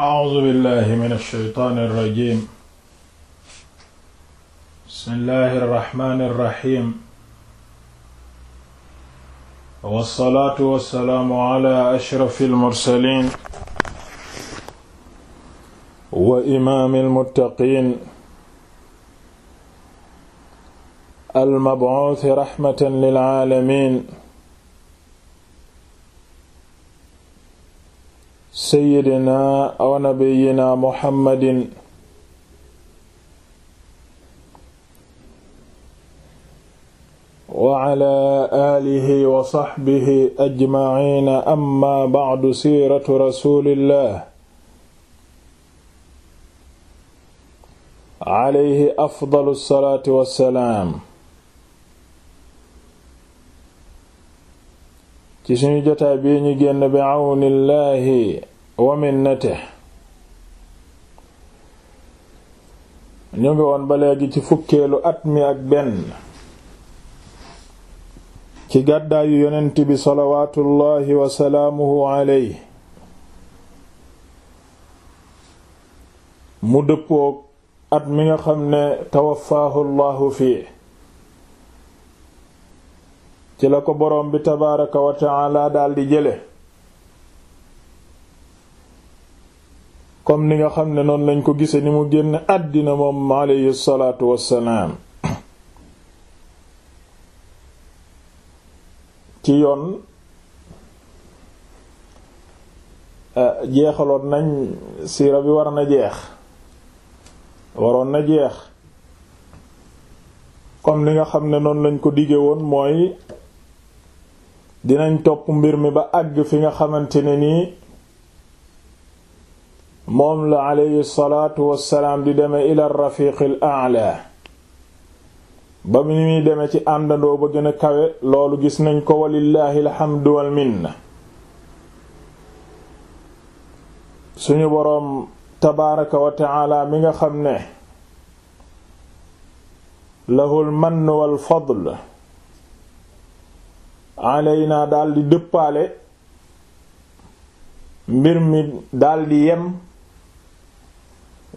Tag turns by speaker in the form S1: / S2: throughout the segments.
S1: a'uuzu billahi min ash-shaytaani ar-rajiim bismillahi arrahmaani irrahim wassalaatu wassalaamu ala ashrafi almursaliin wa imaami almuttaqiin almabuusi rahmatan lilaalamiin seyyidina wa nabiyyina muhammadin wa ala aalihi wa saxbihi ajmaciina amma bacdu siiratu rasulillah alayhi afdalu salaatu wa salaam. ci suñu jotaay bii ñu génn bi awnillahi wa minnate ñu ngi woon ba léegi ci fukkeelu at mi ak benn ci gàddaayu yonent bi salawaatullaahi wa salaamuhu mu dëppook at mi nga xam ne tawafaahu fii ci la ko boroom bi tabaaraka wa ta'aala daldi jële comme ni nga xam ne noonu lañ ko gisee ni mu génn àddina moom ma alayhi salaatu wassalaam ci yoon euh, jeexaloon nañ siira bi war na jeex waroon na jeex comme ni nga xam ne noonu lañ ko digge woon mooy dinañ topp mbir mi ba àgg fi nga xamante ne nii moom la aleyhi salaatu wassalaam di deme ila rafiqil a'la ba mu ñuy deme ci àndandoo ba gën a kawe loolu gis nañ ko walillaahi alhamdu wal minna suñu boroom tabaaraka wa taala mi nga xam ne lahul mann wal fadl aleynaa daldi dëppaale mbir mi daldi yem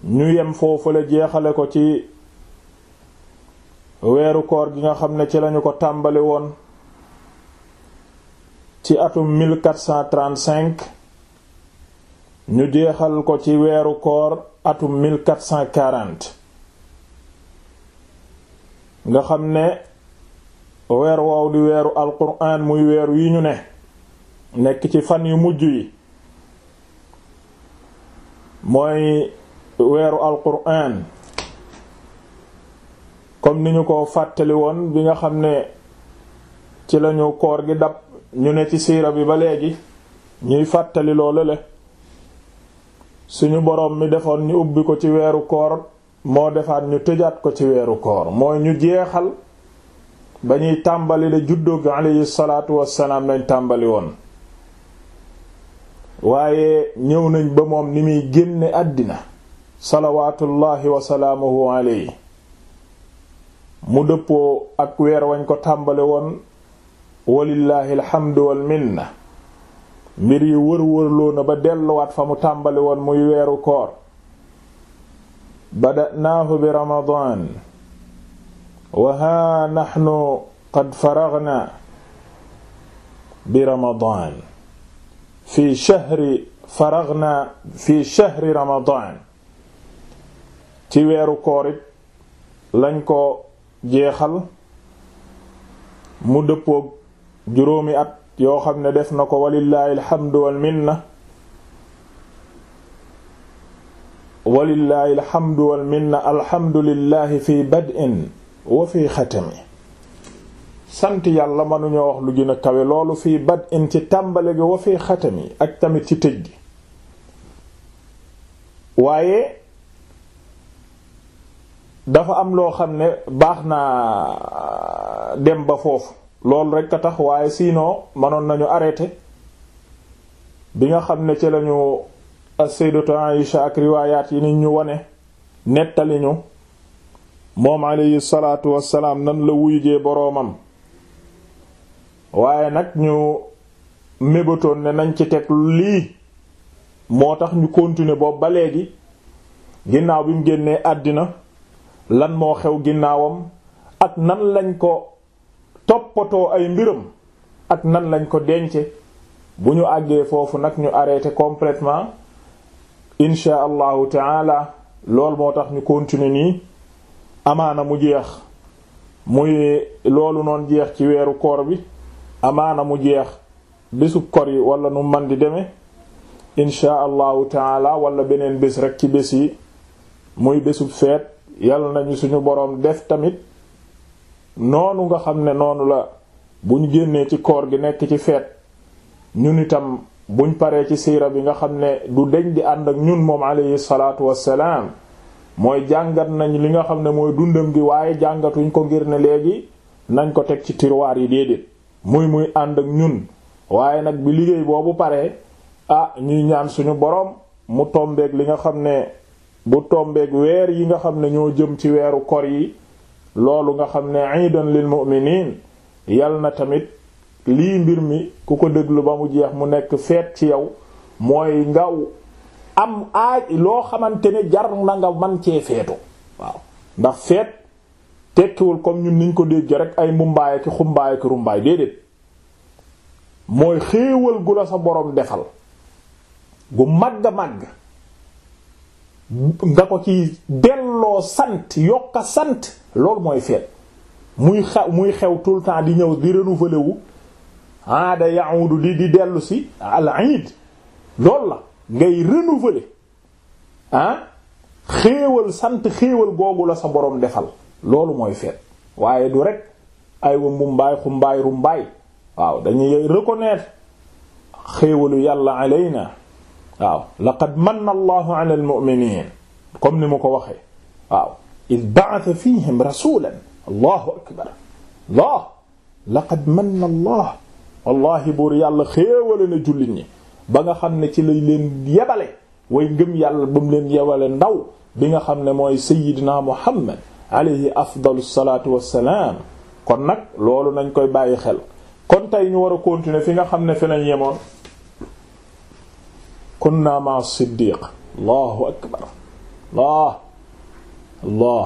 S1: ñu yem foofu la jeexale ko ci weeru koor gi nga xam ne ci lañu ko tàmbali woon ci atum 1435 ñu jeexal ko ci weeru koor atum 1440 nga xam ne weer woow di weeru alquran muy weer wi ñu ne nekk ci fan yu mujj yi mooy weeru alquran comme ni ñu ko fàttali woon bi nga xam ne ci lañu koor gi dab ñu ne ci siira bi ba léegi ñuy fàttali loolu le suñu boroom mi defoon ñu ubbi ko ci weeru koor moo defaat ñu tëjaat ko ci weeru koor mooy ñu jeexal ba ñuy tàmbali la juddoog alayhi salaatu wassalaam lañ tàmbali woon waaye ñëw nañ ba moom ni muy génne àddina salawaatullahi wasalaamuhu alayhi mu dëppoo ak weer wañ ko tàmbale woon walillaahi alhamdu wal minna mbir yi wër-wërloo na ba delluwaat fa mu tàmbale woon muy weeru koor bada'naahu bi ramadaan wa haa naxnu qad faragnaa bi ramadaan fi shahri faragnaa fi shahri ramadaan ci weeru koor lañ ko jeexal mu dëppoog juróomi at yoo xam ne def na ko walillahi alhamdu wal minna walillahi alhamdu wal minna alhamdulillahi fi bad'in wa fi xatami sant yàlla mënuñoo wax lu gën a kawe loolu fii bad'in ci tàmbale gi wa fi xatami ak tamit ci tëj gi waaye dafa am loo xam ne baax naa euh, dem ba foofu loolu rek a tax waaye sinon mënoon nañu arrêté bi nga xam ne ci lañu as-sayyidatu Aïsha ak riwaayaat yi ni ñu wone nettaliñu ñu moom alayhi salaatu wassalaam nan la wuyjee boroomam waaye nag ñu mébatoon ne nañ ci teg lii moo tax ñu continuer boobu ba léegi ginnaaw bi mu génnee àddina lan moo xew ginnaawam ak nan lañ ko toppatoo ay mbiram ak nan lañ ko dence bu ñu àggee foofu nag ñu arrêté complètement inchaa allahu taala lool moo tax ñu continuer nii amaana mu jeex muy loolu noon jeex ci weeru koor bi amaana mu jeex bésub kor yi wala nu man di demee inchaa allahu taala wala beneen bés rek ci bés yi muy bésub feet yal nañu suñu boroom def tamit noonu nga xam ne noonu la buñ génnee ci koor gi nekk ci feet ñun itam buñ paree ci siira bi nga xam ne du deñ di ànd ak ñun moom alayhi salaatu wassalaam mooy jàngat nañ li nga xam ne mooy dundam gi waaye jàngatuñ ko ngir ne léegi nañ ko teg ci tirwaar yi déedéet muy muy ànd ak ñun waaye nag bi liggéey boobu paree ah ñuy ñaan suñu boroom mu tombeek li nga xam ne bu tombeeg weer yi nga xam ne ñoo jëm ci weeru kor yi loolu nga xam ne iidan lil mu'miniin yal na tamit lii mbir mi ku ko déglu ba mu jeex mu nekk feet ci yow mooy ngaw am aaj loo xamante ne jar na nga man cee feetu waaw ndax feet tekkiwul comme ñun niñ ko dégg rek ay mbumbaay ki xumbaay ki rumbaay déedéet mooy xéewal gu la sa boroom defal gu màgg màgg nga ko ci delloo sant yokka sant loolu mooy feet muy xew muy tout le temps di ñëw di renouveler wu aada yaudu di di dellu si al iid loolu la ngay renouveler ah xéewal sant xéewal googu la sa boroom defal loolu mooy feet waaye du rek ay wa mbumbaay xumbaay rumbaay waaw dañuy reconnaître xéewalu yàlla alayna waaw laqad manna allahu ala almu'minin comme ni mu ko waxee waaw id ba'atha fihim rasulan allahu akbar allah laqad manna allah wallahi buur yàlla xéewale na jullit ñi ba nga xam ne ci lay leen yebale way ngëm yàlla ba mu leen yebale ndaw bi nga xam ne mooy sayidina muhammad alayhi afdalu salaatu wassalaam kon nag loolu nañ koy bàyyi xel kon tey ñu war a continuer fi nga xam ne fi lañ yemoon kunna ma siddiq allahu akbar allah allah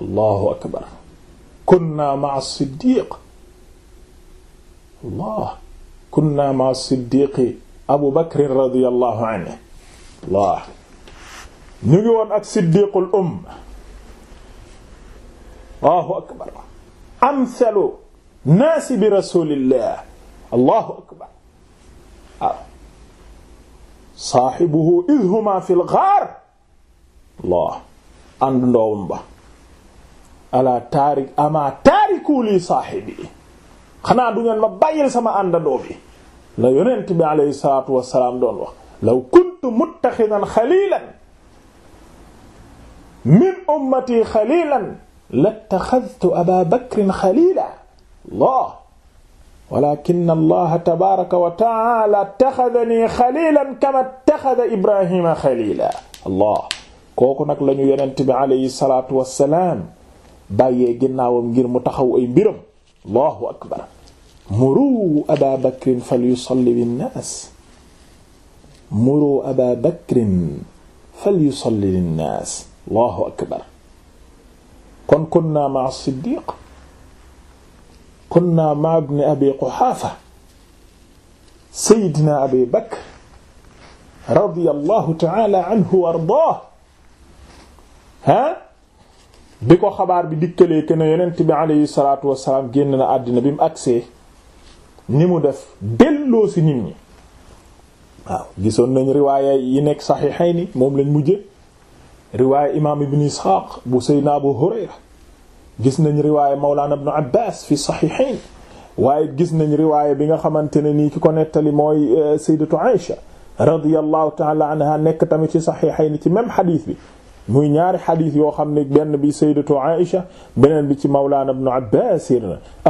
S1: allahu akbar kunna ma siddiq allah kunna ma siddiqi abu bakr radiyallahu anhu allah ñu ngi woon ak siddiqul umma allahu akbar amsalu naasi bi rasulillah allahu akbar saaxibuhu idhuma fil ghaar Allah ànd ndoowum ba ala taarik ama taariku lii saaxibi xanaa du ngeen ma bàyyil sama àndandoo bi la yonent bi alayhi salaatu wassalaam doon wax law kuntu muttaxidan xalilan min ummati xalilan lattaxadtu aba bakrin xalila Allah walakin allaha tabaraka wa taala taxadanii xalilan kama taxada ibrahima xalila allah kooku nag la ñu yonent bi alayhi salatu wassalaam bàyyee ginnaawam ngir mu taxaw ay mbiram allahu akbar muru aba bakrin falyusalli binnaas muru aba bakrin falyusalli linnaas allahu akbar kon kunna ma'a siddiq kunna ma'a ibn abi quhaafa sayyidina abi bakr radiyallahu ta'ala anhu wa ardaah ah bi ko xabaar bi dikkalee que ne yonent bi alayhi salaatu wasalaam génn bi mu agsee ni mu def delloo si gisoon nañ riwaaya yi nekk saxiixayni moom lañ mujje riwaaya imaam ibn isxaaq bu seydna abu hurayra gis nañ riwaaya Mawlana ibn Abbas fi saxiixayn waaye gis nañ riwaaya bi nga xamante ne nii ki ko nettali mooy eh, sayyidatu a radiyallahu taala anha nekk tamit ci saxiixayn ci même xadiis bi muy ñaari xadiis yoo xam ne benn bi sayyidatu Aïsha beneen bi ci Mawlana ibn Abbas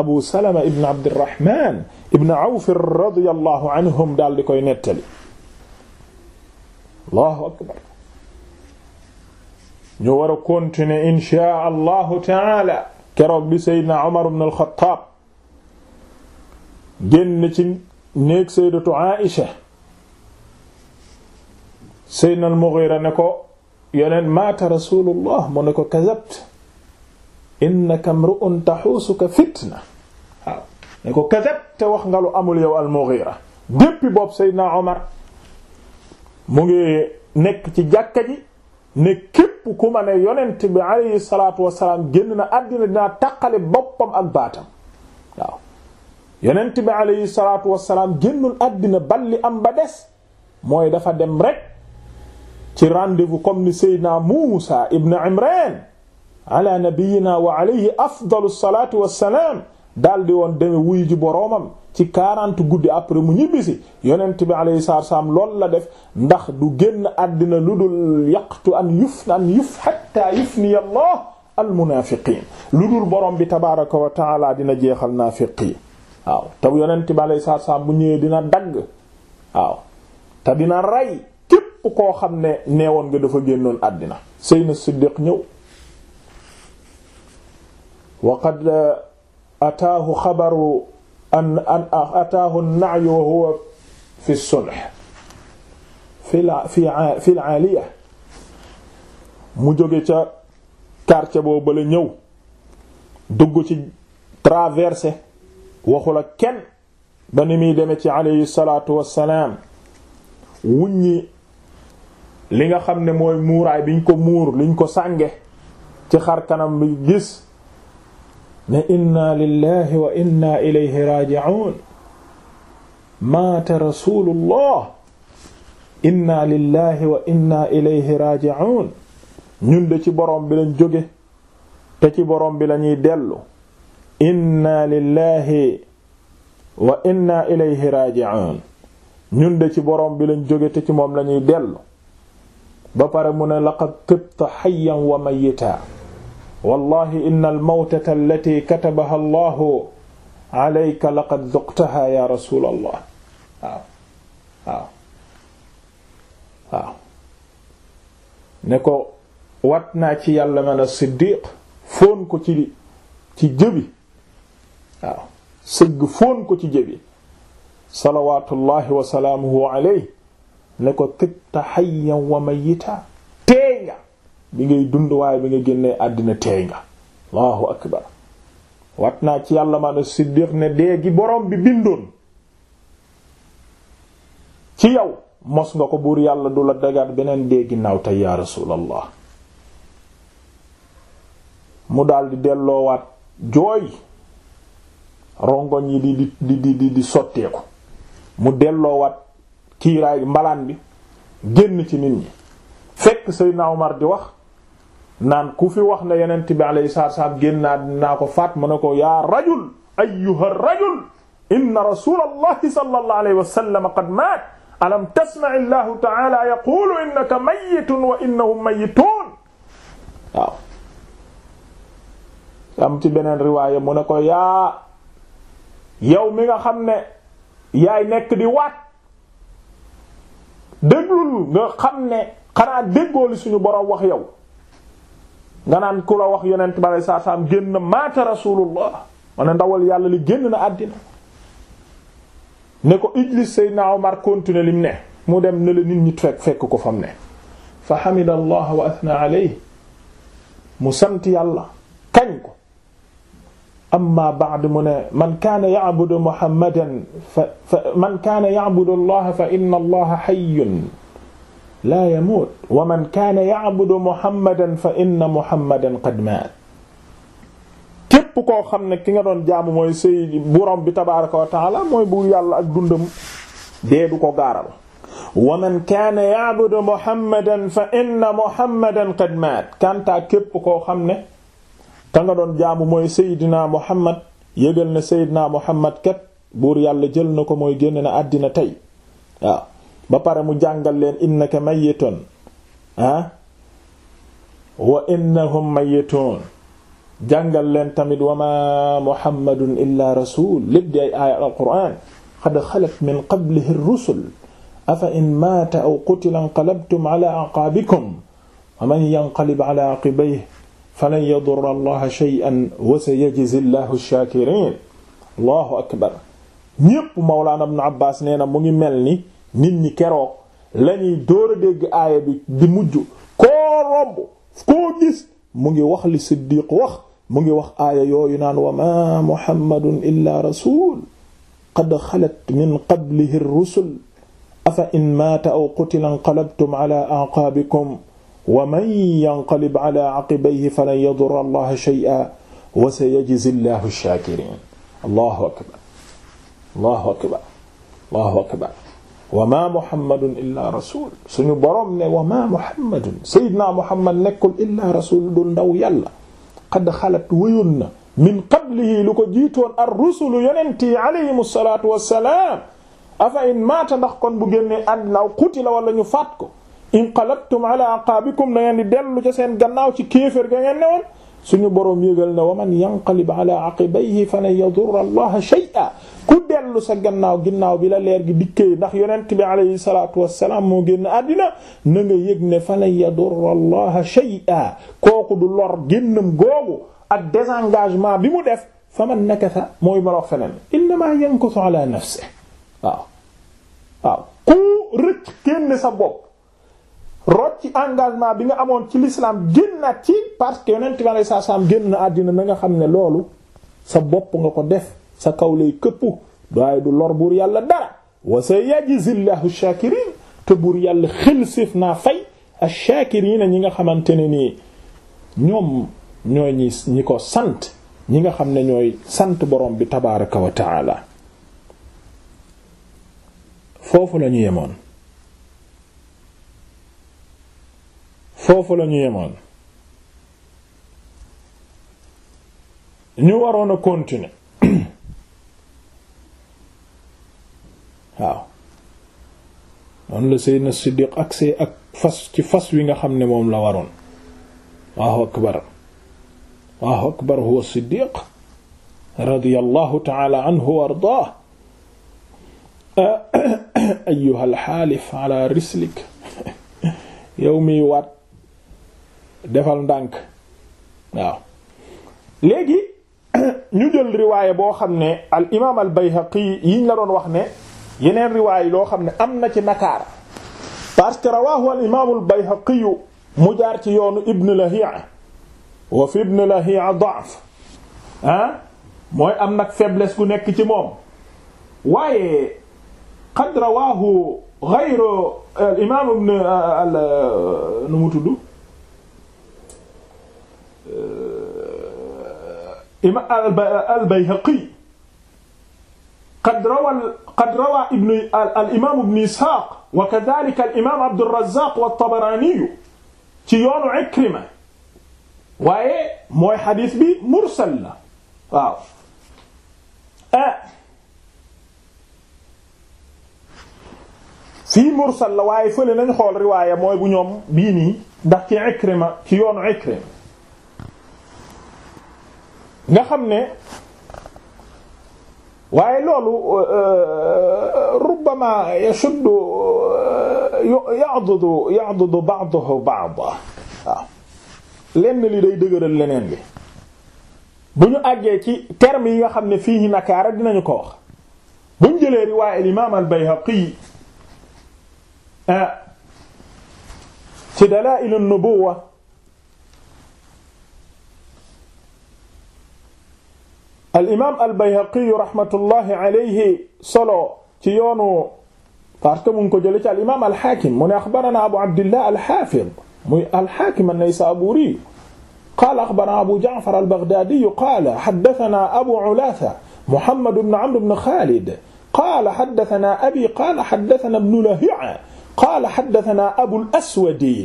S1: Abu Salama ibn Abdurrahman ibn Awf radiyallahu anhum daal di koy nettali Allahu akbar ñu war a continuer inchaa allahu taala keroog bi seydna Umar ibn al-Khattab génn ci néeg saydatu Aïsha seydna al-Mughira ne ko yoneen maata rasulullah mu ne ko kazabt innaka mru'un taxuusuka fitna ne ko kazabt te wax nga lu amul yow al-Mughira déppi boobu seydna mu ngi nekk ci jàkka ji ne képp ku ma ne yonent bi alayhi salaatu wasalaam génn na àddina dinaa taqale boppam ak baatam waaw yonent bi alayhi salaatu wasalaam génnul àddina balli am ba des mooy dafa dem rek ci rendez-vous comme ni Seydina Muusa ibn Imran ala nabiyina wa alayhi afdalu salaatu wasalaam daldi woon deme wuy ji boroomam ci quarante guddi après mu ñibbisi yonent bi alayhi salaatu wassalaam loolu la def ndax du génn àddina lu dul yaqtu an yuf an yuf hatta yufni Allah al lu dul borom bi tabaaraka wa dina jeexal naafiq yi waaw te yonent bi alayhi salaatu wassalaam bu ñëwee dina dagg waaw te dina rey képp koo xam ne neewoon nga dafa génnoon àddina Seydina Siddiq ñëw wa qad uh, ataahu xabaru an an ataahu an huwa fi as fi fi al mu jóge ca quartier boobu la ñëw dugg ci traversé waxula kenn ba ni muy deme ci alayhi salaatu wassalaam wuññi li nga xam ne mooy muuraay biñ ko muur liñ ko sànge ci xar kanam bi gis ne inna lillahi wa inna ilayhi raji'un maata rasulullah inna lillahi wa inna ilayhi raji'un ñun de ci borom bi lañ jóge te ci borom bi lañuy dellu inna lillahi wa inna ilayhi raji'un ñun de ci borom bi lañ jóge te ci moom lañuy dellu ba pare mu ne laqad tibta hayyan wa mayyita wallahi inna almawtata allati katabaha allahu alayka laqad duqtaha ya rasul allah waaw waaw waaw ne ko wat naa ci yàlla man a siddiq fóon ko ci ci jëbi waaw sëgg fóon ko ci jëbi salawatullahi wa salaamuhu alayhi ne ko tibta hayyan wa mayyita tee nga bi ngay dund waaye bi nga génnee àddina teey nga allahu akbar wat naa ci yàlla ma a siddiq ne dee gi borom bi bindoon ci yow mos nga ko buur yàlla du la dagaat beneen dee ginnaaw tey yaa rasuulallah mu daldi delloowaat jooy rongoñ yi di di di di di sotteeku mu delloowaat kiiraay mbalaan bi génn ci nit ñi fekk Seydina Omar di wax naan ku fi wax na yonent bi alayhi salaatu salaam génn ko fat mu ne ko yaa rajul ayyuha rajul inna rasulallahi sallallahu alayhi wa sallam qad maat alam tasma' Allahu ta'ala yaqulu innaka ci beneen riwaaya ne ko yaa yow mi nga xam ne yaay nekk di wat déglul nga xam ne xanaa déggoo suñu wax yow nga naan ku la wax yonent ba lay saa saam génn maata rasulullah ma ne ndawal yàlla li génn na àddina ne ko ijlis Seydina Omar continuer lim ne mu dem ne la nit ñi fekk fekk ko fam ne fa hamida allah wa athna alayhi mu sant yàlla kañ ko amma ba'd mu ne man kaana ya'budu muhammadan fa man kaana ya'budu allah fa inna allah hayyun laa yamuut wa man kaana ya'budu muhammadan fa inna muhammadan qad maat képp koo xam ne ki nga doon jaamu mooy sëy borom bi tabaaraka wa taala yàlla ak dundam dee ko gaaral wa man kaana ya'budu muhammadan fa qad maat kanta képp koo xam ne ka nga doon jaamu mooy seydina muhammad yëgal na seydina muhammad kat buur yàlla jël na ko mooy génn na àddina tey waaw ba pare mu jàngal leen innaka mayyitun ah wa innahum mayyitun jàngal leen tamit wa ma muhammadun illa rasul lépp di ay aaya alquran qad xalat min qablihi ar-rusul afa in maata aw qutila inqalabtum ala aqaabikum wa man yanqalib ala aqibayhi falan yadurra allaha shay'an wa sayajzi allahu ash-shakirin allahu akbar ñépp mawlaana ibn abbas nee na mu ngi mel ni nit ñi keroog lañuy dóor a dégg aaya bi di mujj koo romb koo gis mu ngi wax li siddiq wax mu ngi wax aaya yooyu naan wa ma muhammadun illa rasul qad xalat min qablihi ar-rusul afa in maata aw qutila inqalabtum ala a'qabikum wa man yanqalib ala aqibayhi falan yadurra allaha shay'an wa sayajzi allahu ash-shakirin allahu akbar allahu akbar allahu akbar wa ma muhammadun illa rasul suñu borom ne wa ma muhammadun sayyidna muhammad nekkul illa rasul dul ndaw yàlla qad xalat wéyoon na min qablihi lu ko jiitoon ar rusulu yonent yi alayhim salaatu wassalaam afa in maata ndax kon bu génnee àddina aw qutila wala ñu faat ko inqalabtum ala aqaabikum na ngeen di dellu ca seen gannaaw ci kéefër ga ngeen newoon suñu boroom yégal ne wa man yanqalib ala aqibayhi falan yadurra allaha shay'a ku dellu sa gannaaw ginnaaw bi la leer gi dikkee ndax yonent bi alayhi salaatu wassalaam moo génn àddina na nga yëg ne falan yadurra allaha shay'a kooku du lor génnam googu ak désengagement bi mu def fa man nakasa mooy ma wax feneen innama yankusu ala nafsihi waaw waaw ku rëcc génn sa bopp rot ci engagement bi nga amoon ci l'islam parce que yonent bi alei sat génn na àddina na nga xam ne loolu sa bopp nga ko def sa kaw lay këpp waaye du lor buur yàlla dara wa sa yajzillahu shakirin te buur yàlla xel séef naa fay ash-shakirin ñi nga xamante ne nii ñoom ñooy ñi ñi ko sant ñi nga xam ne ñooy sant borom bi tabaraka wa taala foofu lañu yemoon foofu la ñu yemoon ñu waroon a continuer waaw noonu la Seydina Siddiq ak see ak fas ci fas wi nga xam ne moom la waroon Allahu akbar Allahu akbar huwa Siddiq radiyallahu ta'ala anhu wa ardaah ayyuha al-haalif ala rislik yow miy waat defal ndànk waaw léegi ñu jël riwaayé boo xam ne al imaam yi bayhaqi la doon wax ne yeneen riwaayé loo xam ne am na ci nakaar parce que rawaahu al imaam al mu jaar ci yoonu ibn lahi'a wa fi ibn lahi'a da'f ah mooy am nag faiblesse gu nekk ci moom waaye qad rawaahu ghayru al imaam ibn nu mu tudd ima al-Bayhaqi qad rawaa qad rawaa ibnu al-imaam ibnu Isxaaq wa kadaalika al-imaam Abdurrazaaq wa Tabaraani ci yoonu Ikrima waaye mooy xadiis bi mursal la waaw fii mursal la waaye fële nañ xool riwaaya mooy bu ñoom bii nii ndax ci Ikrima ci yoonu Ikrima nga xam ne waaye loolu rubbama yashuddu ya'dudu ya'dudu ba'duhu ba'da waaw lenn li day dëgëral leneen li bu ñu àggee ci termes yi nga xam ne fii nakaara dinañu ko wax bu ñu jëlee riwaaya al-imaam al-Bayhaqi ah, ci dalaa'il an-nubuwwa al imaam al bayhaqi rahmatullahi alayhi solo ci yoonu parce que mu ngi ko jëlee ci al imaam al xaakim mu ne axbarana abu abdillah al xaafid muy al xaakim an-naysaabuuri qaala axbarana abu ja'far al baghdaadi qaala haddasanaa abu ulaasa muhammad ibn amr ibn xaalid qaala haddasanaa abii qaala haddasanaa ibnu lahiya qaala haddasanaa abul aswadi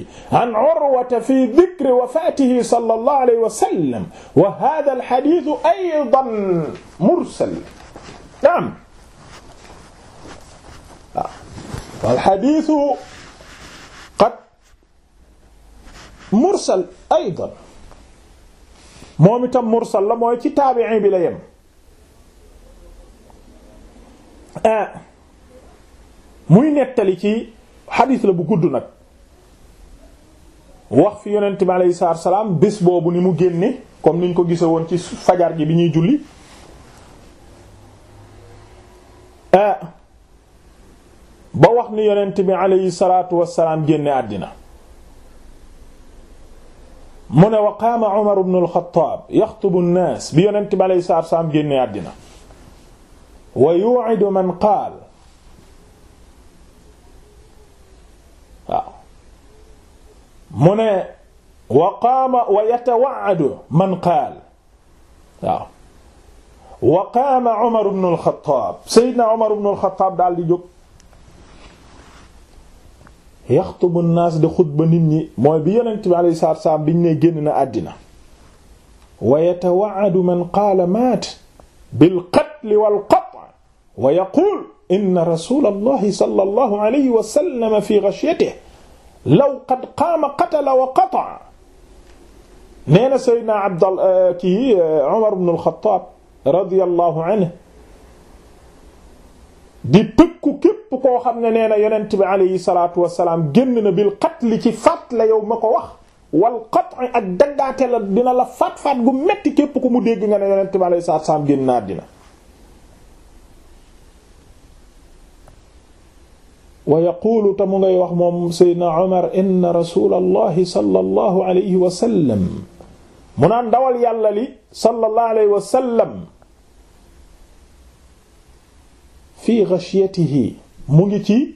S1: an urwata fi dikri wafaatihi sallallahu alayhi wa sallam wa haadhal hadiis aydan mursal naam wal hadiis qad mursal aydan moom itam mursal la mooy ci taabi'i bi la yem muy nettali ci. xadis la bu gudd nag wax fi yonent bi aleyhi salaatu salaam bés boobu ni mu génne comme niñ ko gise woon ci fajar gi bi ñuy julli eh, ba wax ni yonent bi aleyhi salaatu wassalaam génne àddina mu ne wa qaama Umar ibn al-Khattab yaxtubu an-naas bi yonent bi aleyhi salaatu wassalaam génne àddina wa yu'idu man qaal mu ne wa qaama wa yatawa'adu man qaal waaw wa qaama Umar ibn al-Khattab Seydina Umar ibn al-Khattab daal di jóg yaxtubu an-naas di xutba nit ñi mooy bi yonent bi alayhi salaatu salaam biñ ne génn na àddina wa yatawa'adu man qaala maat bil qatl wal qat' wa yaquul inna rasuulallahi sallallahu alayhi wa sallam fi ghashyatihi law qad qaama qatala wa qata'a nee na Seydina Abdal eh, kii Umar eh, ibn al-Khattab radiyallahu anhu di tëkku képp koo xam ne nee na yonent bi alayhi salaatu wasalaam génn na bil qatli ci faat la yow ma ko wax wal qat'i ak daggaate la dina la faat faat gu metti képp ku mu dégg nga ne yonent bi alayhi salaatu wasalaam génn na dina wa yaquulu te mu ngay wax moom Seydina Omar inna rasulallahi sallallahu mu naan dawal yàlla li sallallahu alayhi wa sallam fii ghashyatihi mu ngi ci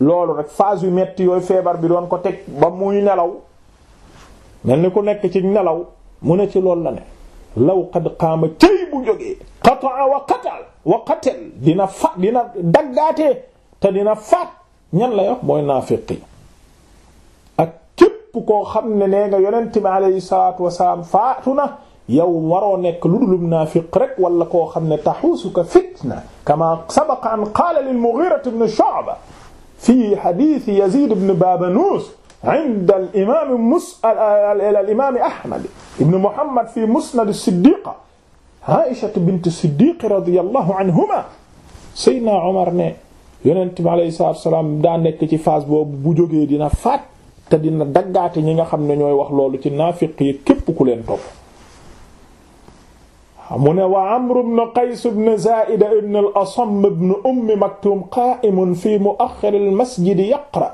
S1: loolu rek phase yu metti yooyu feebar bi doon ko teg ba muy nelaw mel ni ku nekk ci nelaw mu ne ci loolu la ne law qad qaama tey bu jógee qataa wa qatal wa qatal dina fa dina te dina faat ñan lay wax mooy naafiq yi ak képp koo xam ne nee nga yonent bi alayhi salaatu wasalaam faatu na yow waroo nekk lu dul naafiq rek wala koo xam ne taxuusuka fitna kama sabaqa an qaala lil Mughira ibn Shu'ba fi hadith Yazid ibn Babanus inda al imaam mus al imaam Ahmad ibn Muhammad fi musnad as-Siddiqa Aisha bint as-Siddiq radiyallahu anhuma Seydina Omar ne yonent bi alayhi salaatu wasalaam daa nekk ci phase boobu bu jógee dina faat te dina daggaate ñi nga xam ne ñooy wax loolu ci naafiq yi képp ku leen topp mu ne wa amru ibn qays ibn zaida ibn al asam ibn ummi maktum qa'imun fi mu'akhkhir al masjid yaqra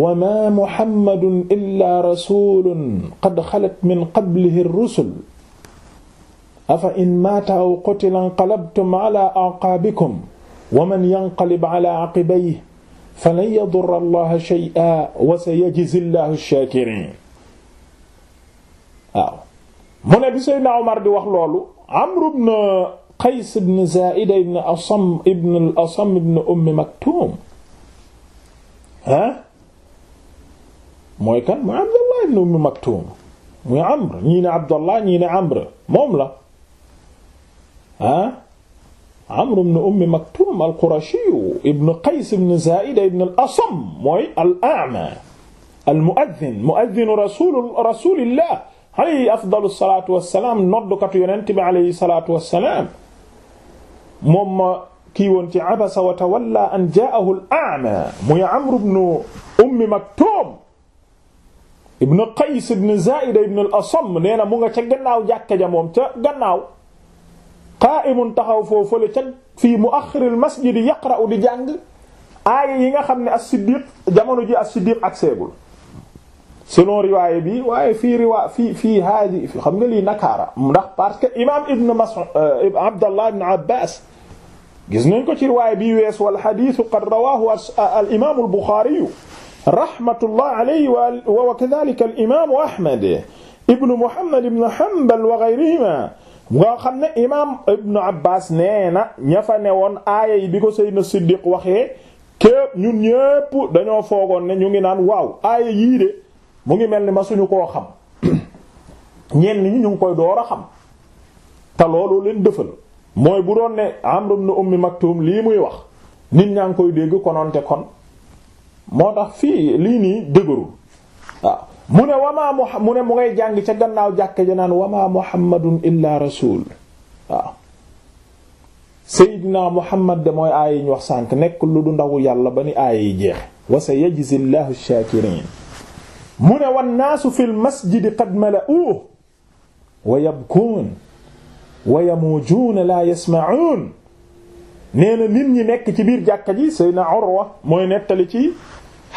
S1: wa ma muhammadun illa rasulun qad khalat min qablihi ar-rusul afa in mata aw qutila inqalabtum ala aqabikum wa man yanqalib ala aqibayhi falan yadurra allaha shay'an wa sayajzi llahu shaakiriin waaw mu ne bi Seydina Omar di wax loolu Amr ibn Qays ibn Zaa'ida ibn Asam ibn al-Asam ibn Umm Maktuum ah mooy kan mooy Abdallah ibn Umm Maktuum muy Amr ñii ne Abdallah ñii ne Amr moom la ah Amr ibn Umm Maktum al-Qurashi ibn Qays ibn Zaida ibn al-Asam mooy al-A'ma al-mu'adhdhin mu'adhdhinu rasul rasulillah alayhi afdalu salatu wassalam noddkatu yonent bi alayhi salatu wassalam moom ma kii woon ci abasa wa tawalla an ja'ahu al-a'ma muy Amr ibn Umm Maktum ibn Qays ibn Zaida ibn al-Asam nee na mu nga ca gannaaw jàkka ja moom ca gannaaw qa'imun taxaw foofu la cag fii mu'akhiril masjid yaqra'u di jàng aaya yi nga xam ne as-siddiq jamono ji as-siddiq ak seegul selon riwaayé bi waaye fii riwa fii fii haadi xam nga lii nakaara ndax parce que imam ibn Mas'ud euh, Abdallah ibn Abbas gis nañ ko ci riwaayé bi wees wal hadith qad rawahu al imam al Bukhari rahmatullah alayhi wa kadhalika al imam Ahmad ibn Muhammad ibn Hanbal wa ghayrihima nga xam ne imaam Ibn Abbas nee na ña fa ne woon aaya yi bi ko Seydina Siddiq waxee képp ñun ñépp dañoo foogoon ne ñu ngi naan waaw aaya yii de mu ngi mel ni ma suñu koo xam ñenn ñi ñu ngi koy door a xam te loolu leen dëfal mooy bu doon ne Amr ibn Ummi Maktum lii muy wax nit ñaa ngi koy dégg konoonte kon moo tax fii lii nii dëgërul mu ne wamaa mu mu ne mu ngay jàng ca gannaaw jàkke ja naan wamaa muhammadun illa rasul waaw seydinaa muhammad de mooy aaya yi ñu wax sànk nekk lu du ndawu yàlla ba ni aaya yi jeex wa sa yajzi llahu shaakiriin mu ne wan naasu fi l masjidi qad mala'uuhu wa yabkuun wa yamuujuuna laa yasma'uun nee na nit ñi nekk ci biir jàkka ji seydinaa Urwa mooy nettali ci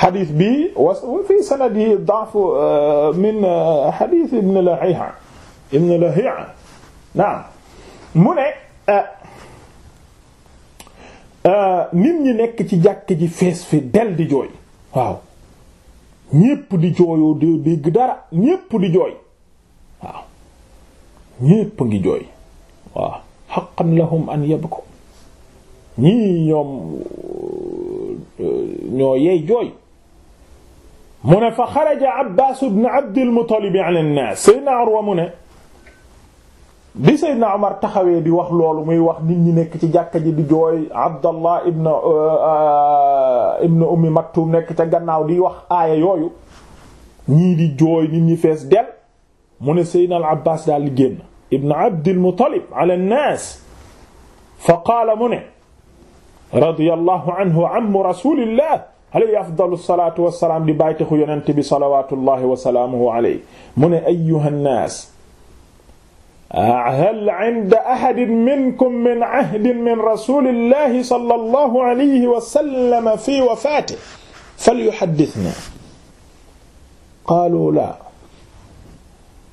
S1: xadis bi wa fi sanadihi da'f uh, min uh, xadis ibn Lahi'a ibn Lahi'a naam mu ne uh, nit ñi nekk ci jàkk ji fees fi del di jooy waaw ñépp di jooyoo di dégg dara ñépp di jooy waaw ñépp ngi jooy waaw haqqan lahum an yabku ñii ñoom ñoo yey jooy mu ne fa xaraja Abbaas ibn Abdil Muttalib ala nnaas Seydina Urwa mu ne bi Seydina Omar taxawee di wax loolu muy wax nit ñi nekk ci jàkka ji di jooy Abdallah ibn uh, uh, ibn Ummi Maktum nekk ca gannaaw di wax aaya yooyu ñii di jooy nit ñi fees del mu ne Seydina Abbaas daal di génn ibn Abdil Muttalib ala nnaas fa qaala mu ne radiyallahu anhu ammu rasulillah alayhi afdalu salaatu wassalaam di bàytaxu yonent bi salawatullahi wa salaamuhu alayhi mu ne ayyuha nnaas hal inda ahadin minkum min ahdin min rasulillahi sallallahu alayhi wa sallam fi wafaatihi falyuhaddithnaa qaalu laa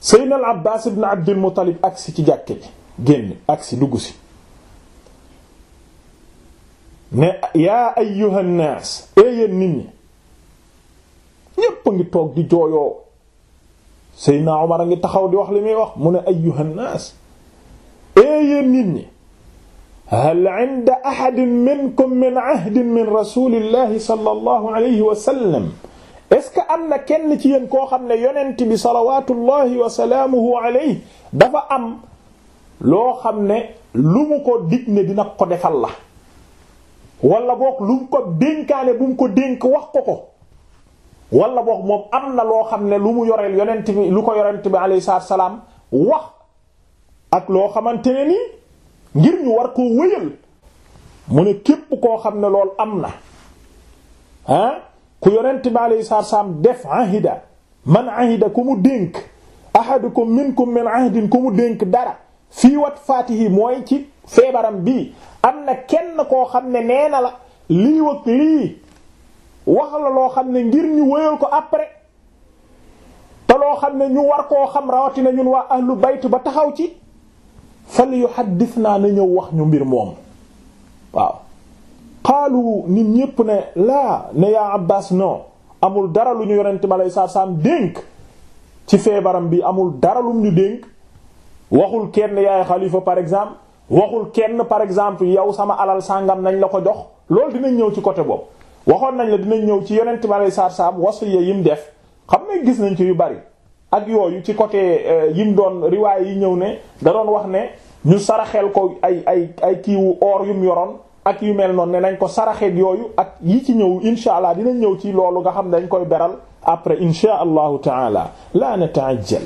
S1: sayyidina al-Abbaas ibn Abdil Muttalib agsi ci jàkke ji génn agsi dugg si ne yaa ayyuhan naas eyeen nit ñi ñépp ngi toog di jooyoo Seydina Omar a ngi taxaw di wax li may wax mu ne ayyuhan naas eyeen nit ñi hal inda ahadin minkum min ahdin min rasulillahi sallallahu alayhi wa sallam est-ce que am na kenn ci yéen koo xam ne yonent bi salawatullahi wa salaamuhu alayhi dafa am loo xam ne lu mu ko dig ne dina ko defal la wala boog lu mu ko dénkaane bu mu ko dénk wax ko ko wala boog moom am na loo xam ne lu mu yoreel yonent lu ko yonent bi alayhi salaam wax ak loo xamante nii ngir ñu war koo wëyal mu ne képp koo xam ne lool am na ah ku yonent bi alayhi salaatu salaam def ahida man ahida ku mu dénk ahadukum minkum min ahdin ku mu dénk dara fii wat yi mooy ci feebaram bi am na kenn koo xam ne nee na la lii wëg lii wax la loo xam ne ngir ñu wëyal ko après te loo xam ne ñu war koo xam rawatina ñun wax ahlu baytu ba taxaw ci fal yuhaddis naa na ñëw wax ñu mbir moom waaw xaalu nit ñépp ne laa ne yaa abbas non amul dara lu ñu yonente ma lay saar saam dénk ci feebaram bi amul dara lum ñu dénk waxul kenn yaay xalifa par exemple waxul kenn par exemple yow sama alal sàngam nañ la ko jox loolu dinañ ñëw ci côté boobu waxoon nañ la dinañ ñëw ci yonent ma lay saar saam wasiya yim def xam ne gis nañ ci yu bari ak yooyu ci côté euh, yim doon riwaay yi ñëw ne da doon wax ne ñu saraxel ko ay ay ay kiiwu or yum yoroon ak yu mel noonu ne nañ ko saraxeet yooyu ak yi ci ñëw insha allah dinañ ñëw ci loolu nga xam ne dañ koy beral après insha allahu taala la nataajjal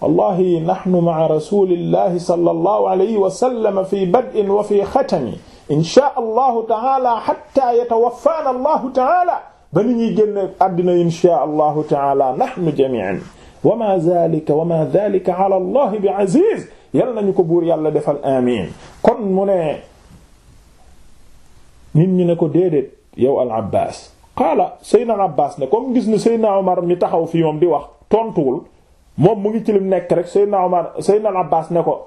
S1: wallahi nahnu ma'a rasulillahi sallallahu alayhi wa sallam fi bad'in wa fi xatami insha allahu ta'ala hatta yatawaffaana allahu ta'ala ba ni ñuy génn àddina insha allahu ta'ala nahnu jami'an wa ma zaalika wa ma zaalika ala allahi bi aziz yal nañu ko buur yàlla defal amiin kon mu ne nit ñi ne ko déedéet yow al abbas qaala saydna al abbas ne comme gis ne saydna omar mi taxaw fi moom di wax tontuwul moom mu ngi ci lim nekk rek Seydina Omar Seydina Abbas ko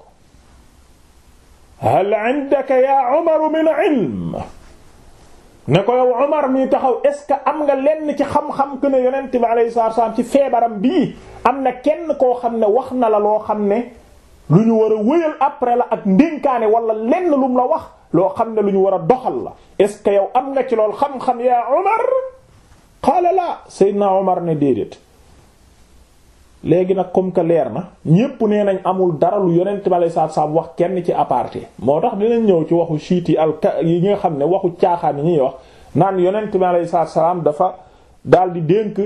S1: hal indaka taxaw est ce que am nga lenn ci xam-xam que ne yonent bi ci feebaram bii am na kenn koo xam ne wax na la loo xam ne lu ñu war a wëyal après la ak ndénkaane wala lenn lum la wax loo xam ne lu ñu war a doxal la est ce yow am nga ci lool xam-xam ya Omar qaala la Seydina Omar ne déedéet léegi nag comme que leer na ñépp nee nañ amul dara lu yonent bi aleyhi salaatu salaam wax kenn ci aparté moo tax dinañ ñëw ci waxu chiites yi al yi nga xam ne waxu caaxaan yi ñuy wax naan yonent bi aleyhi salaatu salaam dafa daal di dénk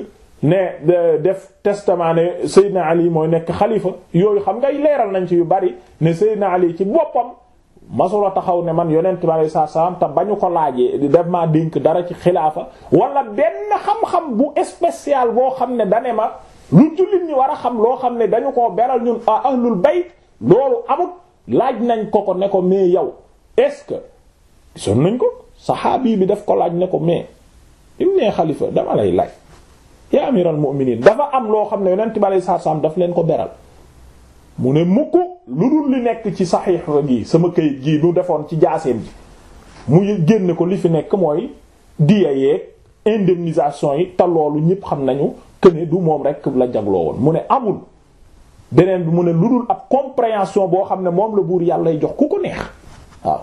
S1: ne def testament ne Seydina Ali mooy nekk xalifa yooyu xam ngay leeral nañ ci yu bari ne Seydina Ali ci boppam masula taxaw ne man yonent bi aleyhi salaatu salaam te bañu ko laajee def maa dénk dara ci xilaafa wala benn xam-xam bu spécial boo xam ne dane ma lu jullit ñi war a xam loo xam ne dañu ko beral ñun a ahlul bayt loolu amut laaj nañ ko ko ne ko mais yow est-ce que son nañ ko saxaabi bi daf ko laaj ne ko mais im nee xalifa dama lay laaj yaa amiral mu'minin dafa am loo xam ne yonent bi alei satu salaam daf leen ko beral mu ne mukk lu dul li nekk ci saxiix gi sama kayit gi ñu defoon ci jaaseem ji mu génn ko li fi nekk mooy diya yeeg indemnisation yi te loolu ñépp xam nañu këne du moom rek la jagloo woon mu ne amul beneen bi mu ne lu dul ab compréhension boo xam ne moom la buur yàllay jox ku ko neex waaw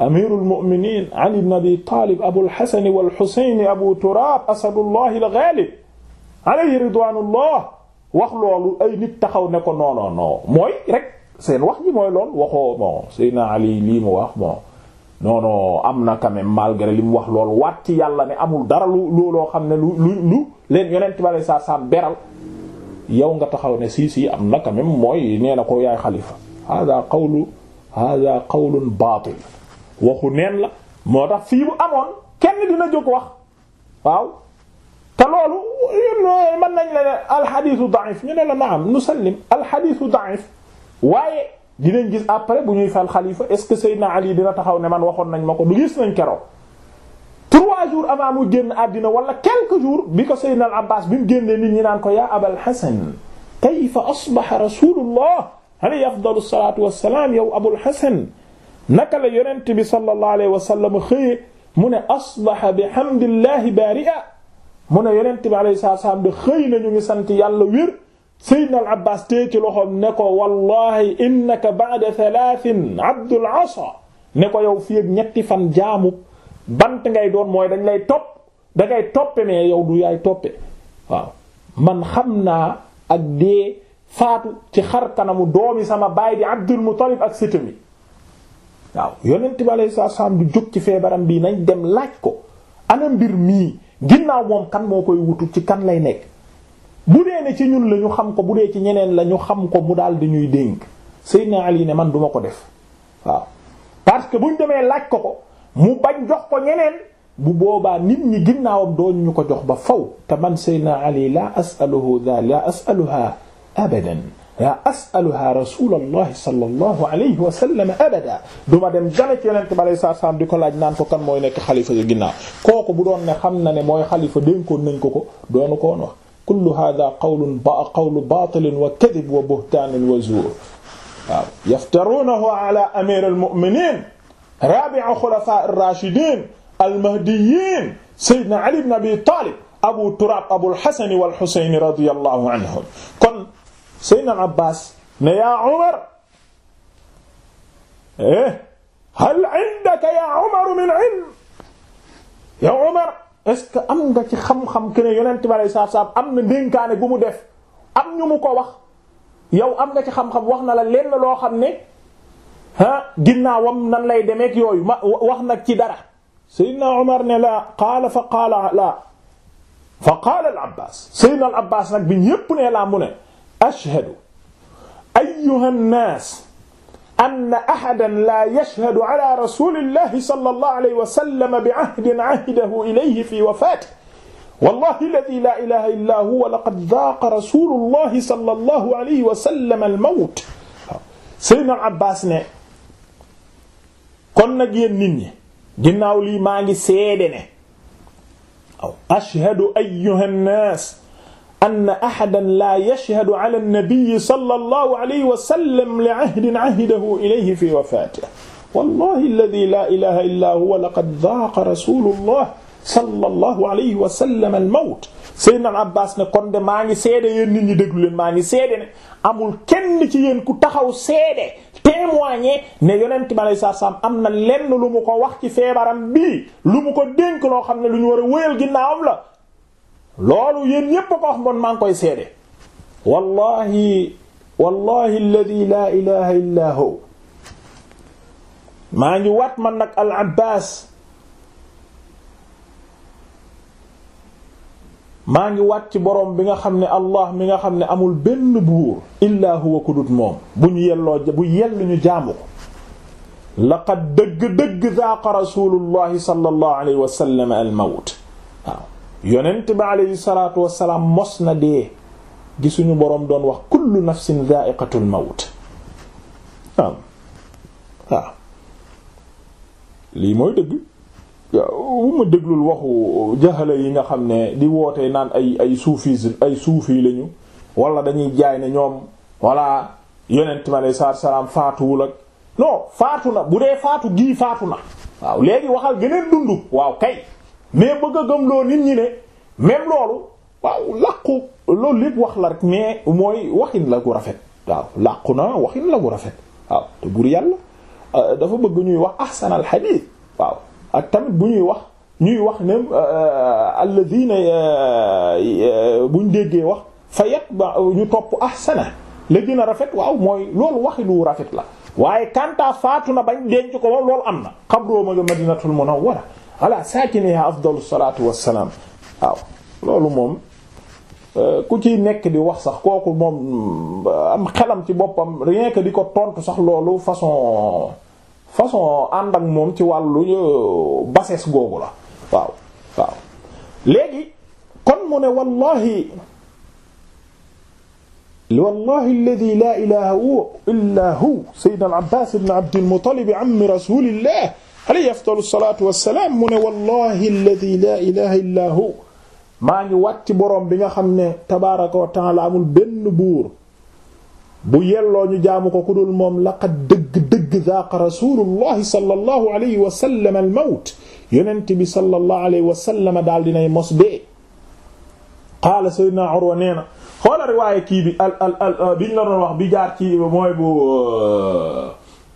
S1: amirul mu'minin ali ibn abi talib abul hasan wal husayn abu turab asadullah al ghalib alayhi ridwanullah wax loolu ay nit taxaw ne ko non non non rek seen wax ji mooy lool waxoo bon Seydina Ali lii mu wax bon non am na quand même malgré wax lool waat ci yàlla ne amul dara lu looloo xam ne lu lu lu leen yonent bale saa saam beral yow nga taxaw ne si am na quand mooy nee ko yaay xalifa hada qawlu hada la moo tax fii kenn dina jóg wax waaw ne la naam nu sallim alxadisu daif waaye dinañ gis après bu ñuy fal xalifa est-ce que Seydina Ali dina taxaw ne man waxoon nañ ma ko du gis nañ keroog trois jours avant mu génn àddina wala quelques jours bi ko Seydina al Abbas bi mu génnee nit ñi naan ko yaa Abal Hasan kayfa asbaha rasulullah alayhi afdalu salatu wassalam yow Abul Hasan naka la yonent bi sallallahu alayhi wa sallam xëye mu ne asbaha bihamdillahi bari'a mu ne yonent bi alayhi salaatu wa salaam de xëy nañu ngi sant yàlla wér Seydina al tee ci loxoom ne ko wallahi innaka ba'da thalathin abdul asa ne ko yow fii ak ñetti fan jaamu bant ngay doon mooy dañ lay topp dangay toppe mais yow du yaay toppe waaw man xam naa ak dee faatu ci xar kanamu doomi sama baay di Abdul Muttalib ak sëtam waaw yonent bi alayhi salaam du jóg ci feebaram bii nañ dem laaj ko ana mbir mii ginnaaw moom kan moo koy wutu ci kan lay nekk bu dee ne ci ñun lañu xam ko bu dee ci ñeneen la ñu xam ko mu daal di ñuy dénk Seydina Ali ne man duma ko def waaw parce que buñ demee laaj ko ko mu bañ jox ko ñeneen bu boobaa nit ñi ginnaawam doon ñu ko jox ba faw te man Seydina Ali la asaluhu daal la asaluha abadan la asaluha rasulallahi sallallahu alayhi wa sallam abada duma dem jame ci yonent bi alayhi salaam di ko laaj naan ko kan mooy nekk xalifa yu ginnaaw kooku bu doon ne xam na ne mooy xalifa dénkoon nañ ko ko doonu ko kullu hada qawlun ba qawlu batilin wa kadib wa buhtaanin wa zuur waaw yaftarunahu ala amir almuminin rabiu xulafa arrachidin almahdiyin sayidna ali ibn abi talib abu turab abulxasani walxusaini radi allahu anhum kon sayidna abbas ne ya umar eh, hal indaka ya umar min ilm ya umar est-ce que am nga ci xam-xam que ne yonent bi saa saab am na ndénkaane gu mu def am ñu mu ko wax yow am nga ci xam-xam wax na la lenn loo xam ne ah wam nan lay demeek yooyu ma wax na ci dara Seydina Omar ne la qaala fa qaala la fa qaala al Abbaas Seydina al Abbaas nag bi ñépp ne laa mu ne ashhadu ayyuhan naas anna ahadan laa yashhadu ala rasulillahi sallallahu alayhi wa sallam bi ahdin ahidahu ilayhi fi wafaatihi wallahi alladhi laa ilaha illa huwa laqad dhaaqa rasulullahi sallallahu alayhi wa sallam al-mawt Seydina Abbaas ne kon nag yéen nit ñi ginnaaw lii maa ngi seede ne aw ashhadu ayyuhan naas an ahadan laa yashhadu ala nabiyyi sallallahu alayhi wa sallam li fi wafaatihi wallahi alladhi laa ilaha illaa huwa laqad dhaaqa rasulullah sallallahu alayhi wa sallam kon de maa ngi seede yéen nit ñi leen maa ngi seede ne amul kenn ci yéen ku taxaw seede témoigner ne yonent bi alayhi salaam am na lenn lu ko wax ci feebaram bii lu mu ko dénk loo xam ne lu ñu war a wéyal ginnaawam la. loolu yéen ñépp a ko wax maa ngi koy seede wallahi wallahi alladi laa illa hu maa ngi waat man nag al abbas maa ngi waat ci boroom bi nga xam ne allah mi nga xam ne amul benn buur illaa huwa kudut moom bu ñu yelloo bu yellu ñu jaamu ko laqad dëgg-dëgg zaaqa rasulullahi sallallahu alayhi wa sallam al mawt waaw yonent bi aleyhi wassalaam mos na dee gi boroom doon wax kullu nafsin dha'iqatul mawt waaw waaw lii mooy dëgg wu ma déglul waxu jaxale yi nga xam ne di wootee naan ay ay suufis ay suufi lañu wala dañuy jaay ne ñoom wala yonent mi aleyhi salaatu wassalaam faatuwul ak faatu na bu dee faatu gii faatu na waaw léegi waxal geneen dund waaw kay mais bëgg a gëmloo nit ñi ne même loolu waaw làqu loolu lépp wax la rek mais mooy waxin la gu rafet waaw làqu na waxin la gu rafet waaw te buur yàlla euh, dafa bëgg ñuy wax ahsanal xadiis waaw ak tamit bu ñuy wax ñuy wax ne euh, alladina euh, buñ déggee wax fa ba ñu topp ahsana la gën a rafet waaw mooy loolu waxi lu rafet la waaye kanta faatu na bañ denc ko loolu am na xabroo ma nga madinatul munawwara ala saakiniha afdalu salaatu wa waaw loolu moom euh, ku ciy nekk di wax sax kooku moom euh, am xelam ci boppam rien di ko tontu sax loolu façon façon ànd moom ci wàllu euh, basees googu la waaw kon mu ne wallahi wallahi alladhi la ilaha illa hu sayyidina al abbas ibn abd al muttalib am alayhi afdalu salaatu wassalaam mu ne wallahi alladi laa ilaha illa hu maa ngi wàcc boroom bi nga xam ne tabaaraka wa taala amul benn buur bu yelloo ñu jaamu ko ku dul moom laqad dëgg-dëgg zaaqa rasulullahi sallallahu alayhi wa sallam al mawt yonent bi sallallahu alayhi wa sallam daal dinay mos dee qaala sayyidina Urwa nee na xoola riwaaya kii bi al al al biñ la doon wax bi jaar ci mooy bu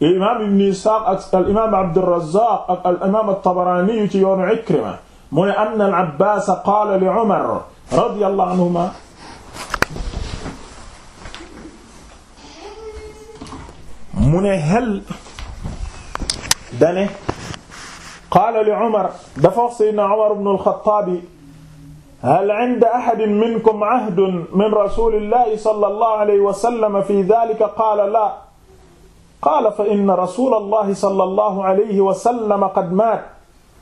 S1: imaam ibn Isaaq ak al imaam Abdurrazaaq ak al imaam at-Tabaraani yu ci yoonu Ikrima mu ne anna al-Abbaas qaala li Umar radiyallahu anhumaa mu ne hal dane qaala li Umar dafa wax Seydina Umar ibn al-Xattaab hal inda ahadin minkum ahdun min rasuulillaahi sallallaahu alayhi wa sallam fi dhaalika qaala laa qaala fa inna rasuulallahi sallallahu alayhi wa sallam qad maat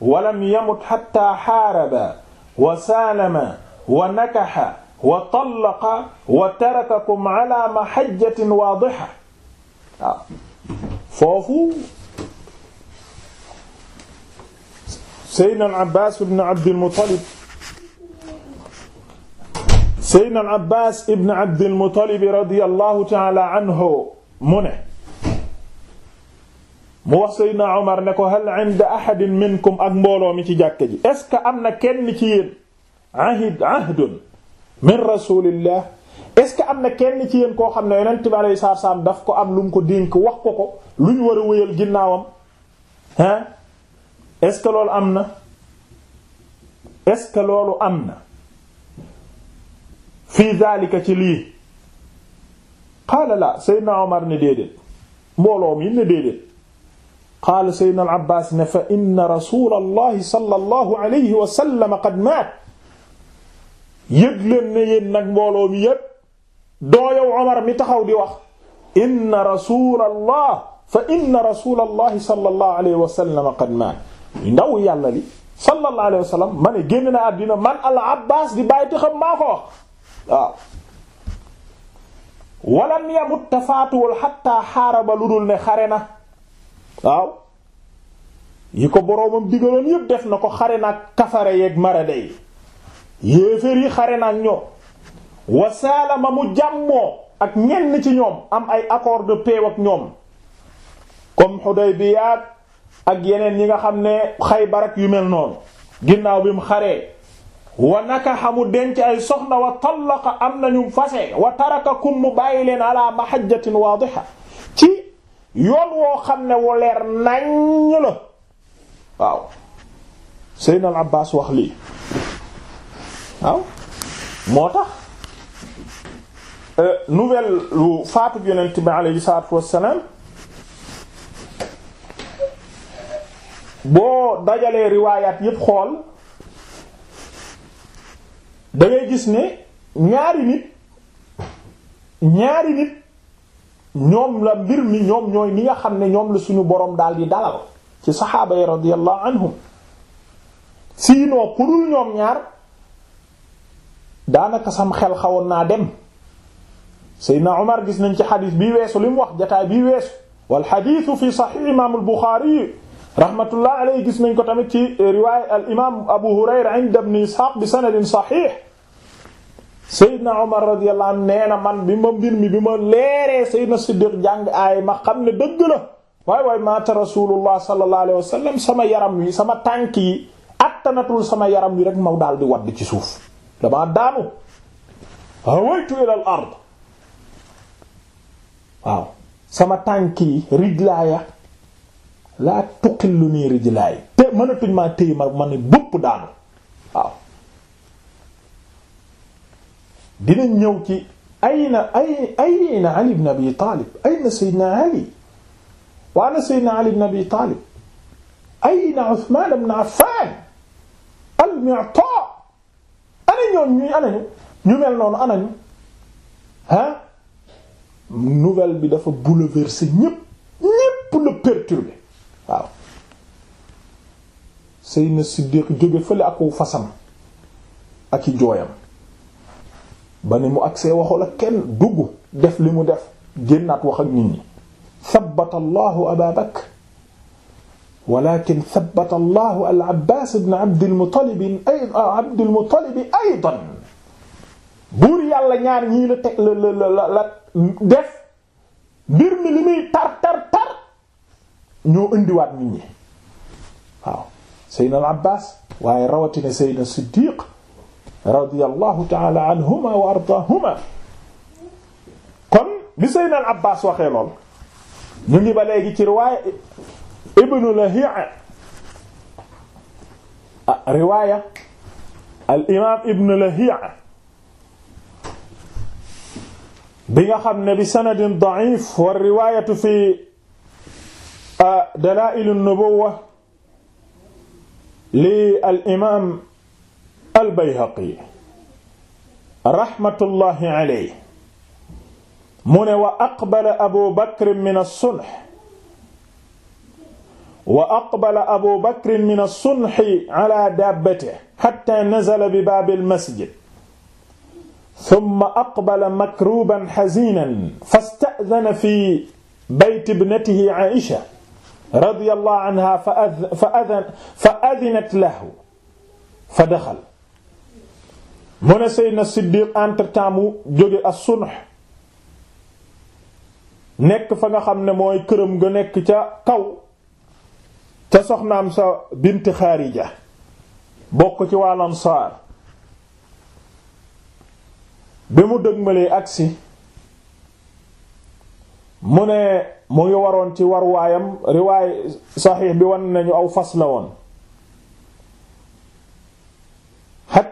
S1: wa lam yamut xatta xaaraba wa saalama wa nakaxa wa tallaqa wa tarakakum ala mahajjatin waadixa waaw ah, foofu Seydina al-Abbaas ibn Abdil Muttalib Seydina al-Abbaas ibn Abdil Muttalib radiyallahu ta'ala anhu mu ne mu wax Seydina Omar ne ko hal inda ahadin minkum ak mbooloo mi ci jàkka ji est ce que am na kenn ci yéen ahid ahdun min rasulillah est que am na kenn ci yéen koo xam ne yonent bi alayhi salaatu salaam daf ko am lu mu ko dénk wax ko ko lu ñu war a wéyal ginnaawam ah est ce am na est ce loolu am na fii daalika ci lii qaala la Seydina Omar ne déedéet mbooloo mi ne déedéet qaala sayyidina al abbas ne fa inna rasulallahi sallallahu alayhi wa sallam qad maat yëg leen ne yéen nag mbooloo mi yépp doo yow Omar mi taxaw di wax inna rasulallah fa inna rasulallahi sallallahu alayhi wa sallam qad maat ndaw yàlla li sallallahu alayhi wa sallam ma ne génn na àddina man al abbas di bàyyi taxam maa ko wax waaw walam yamut tafaatuwul xatta xaaraba lu dul ne xare na waaw yi ko boroomam digaloon yépp def na ko xare naag kafare yeeg marade yi yéeféer yi xare naag ñoo wasaalama mu jàmmoo ak ñenn ci ñoom am ay accord de paix ak ñoom comme Hudaybiya ak yeneen yi nga xam ne xay ak yu mel noonu ginnaaw bi mu xaree wa nakaxa mu denc ay soxna wa tallaqa am nañu fase wa tarakakum mu bàyyi leen ala mahajjatin waadiha ci yoon woo xam ne woleer leer la waaw Seydina al Abbaas wax lii waaw moo tax euh, nouvelle lu faatu yonent bi alayhi salaatu wassalaam boo dajalee riwaayaat yépp xool da gis ne ñaari nit ñaari nit ñoom la mbir mi ñoom ñooy ni nga xam ne ñoom la suñu borom daal di dalal ci saxaaba yi radiyallahu anhum sinon ku dul ñoom ñaar daanaka sam xel xawoon naa dem Seydina Omar gis nañ ci xadis bii weesu li wax jataay bii weesu wal xadisu fi saxix imam al Buxaari rahmatullah alayhi gis nañ ko tamit ci riwaaya al imam Abu Hurayra inda ibn Isxaaq bi sanadin saxix Seydina Omar radiyallahu anhu nee na man bi ma mbir mi bi ma leeree Seydina Siddiq jàng aay ma xam ne dëgg la waay waay maata rasulullah sallallahu sama yaram wi sama tànk yi attanatul sama yaram wi rek maw daal di wadd ci suuf dama daanu hawaytu ila al waaw sama tànk yi rijlaaya laa tuqil lu nii rijlaay te mënatuñ maa téy ma ma bupp daanu waaw dinañ ñëw ci ayna ay ayna Ali ibn Abi Talib ayna Seydina Ali wa ana Seydina Ali ibn Abi Talib ayna Uthman ibn Affan al-Mi'ta ana ñoon ñuy anañu ñu mel noonu anañu ah nouvelle bi dafa bouleversé ñépp ñépp la perturbé waaw Seydina Siddiq jóge fële ak fasam ak i jooyam ba mu akse waxul ak kenn dugg def li mu def génnaat wax ak nit ñi sabbata allahu aba bakr walakin sabbata allahu al abbas ibn abdil muttalib abdil muttalib aydan buur yàlla ñaar ñii la teg la la la la def mbir mi li muy tar tar tar ñoo indiwaat nit ñi seydna al abbas waaye rawatina seydna siddiq radiyallahu taala anhuma wa ardaahuma kon bi Seydina al Abbaas waxee lool ñu ngi ba léegi ci riwaaya ibnu Lahi'a ah, riwaaya al imaam ibnu Lahi'a bi nga xam ne bi sanadin da'if wa riwaayatu fi ah, dalaa'il an-nubuwwa li al imaam albayhaqi raxmatullahi aley mu ne wa aqbala abu bakr min as-sunh wa aqbala abu bakr min as-sunhi ala dabbatihi hatta nazala bi baabil masjid thumma aqbala makruban hazinan fasta'dhana fi bayti ibnatihi Aïsha radiyallahu anha fa adhinat lahu fa daxala mu ne Seydina Siddiq entre temps mu jóge as-Sunh nekk fa nga xam ne mooy këram nga nekk ca kaw ca soxnaam sa bint Xaarija bokk ci waa Ansaar bi mu dëgmalee agsi mu ne mu ngi waroon ci war waayam riwaay saxiix bi wan nañu aw fas la woon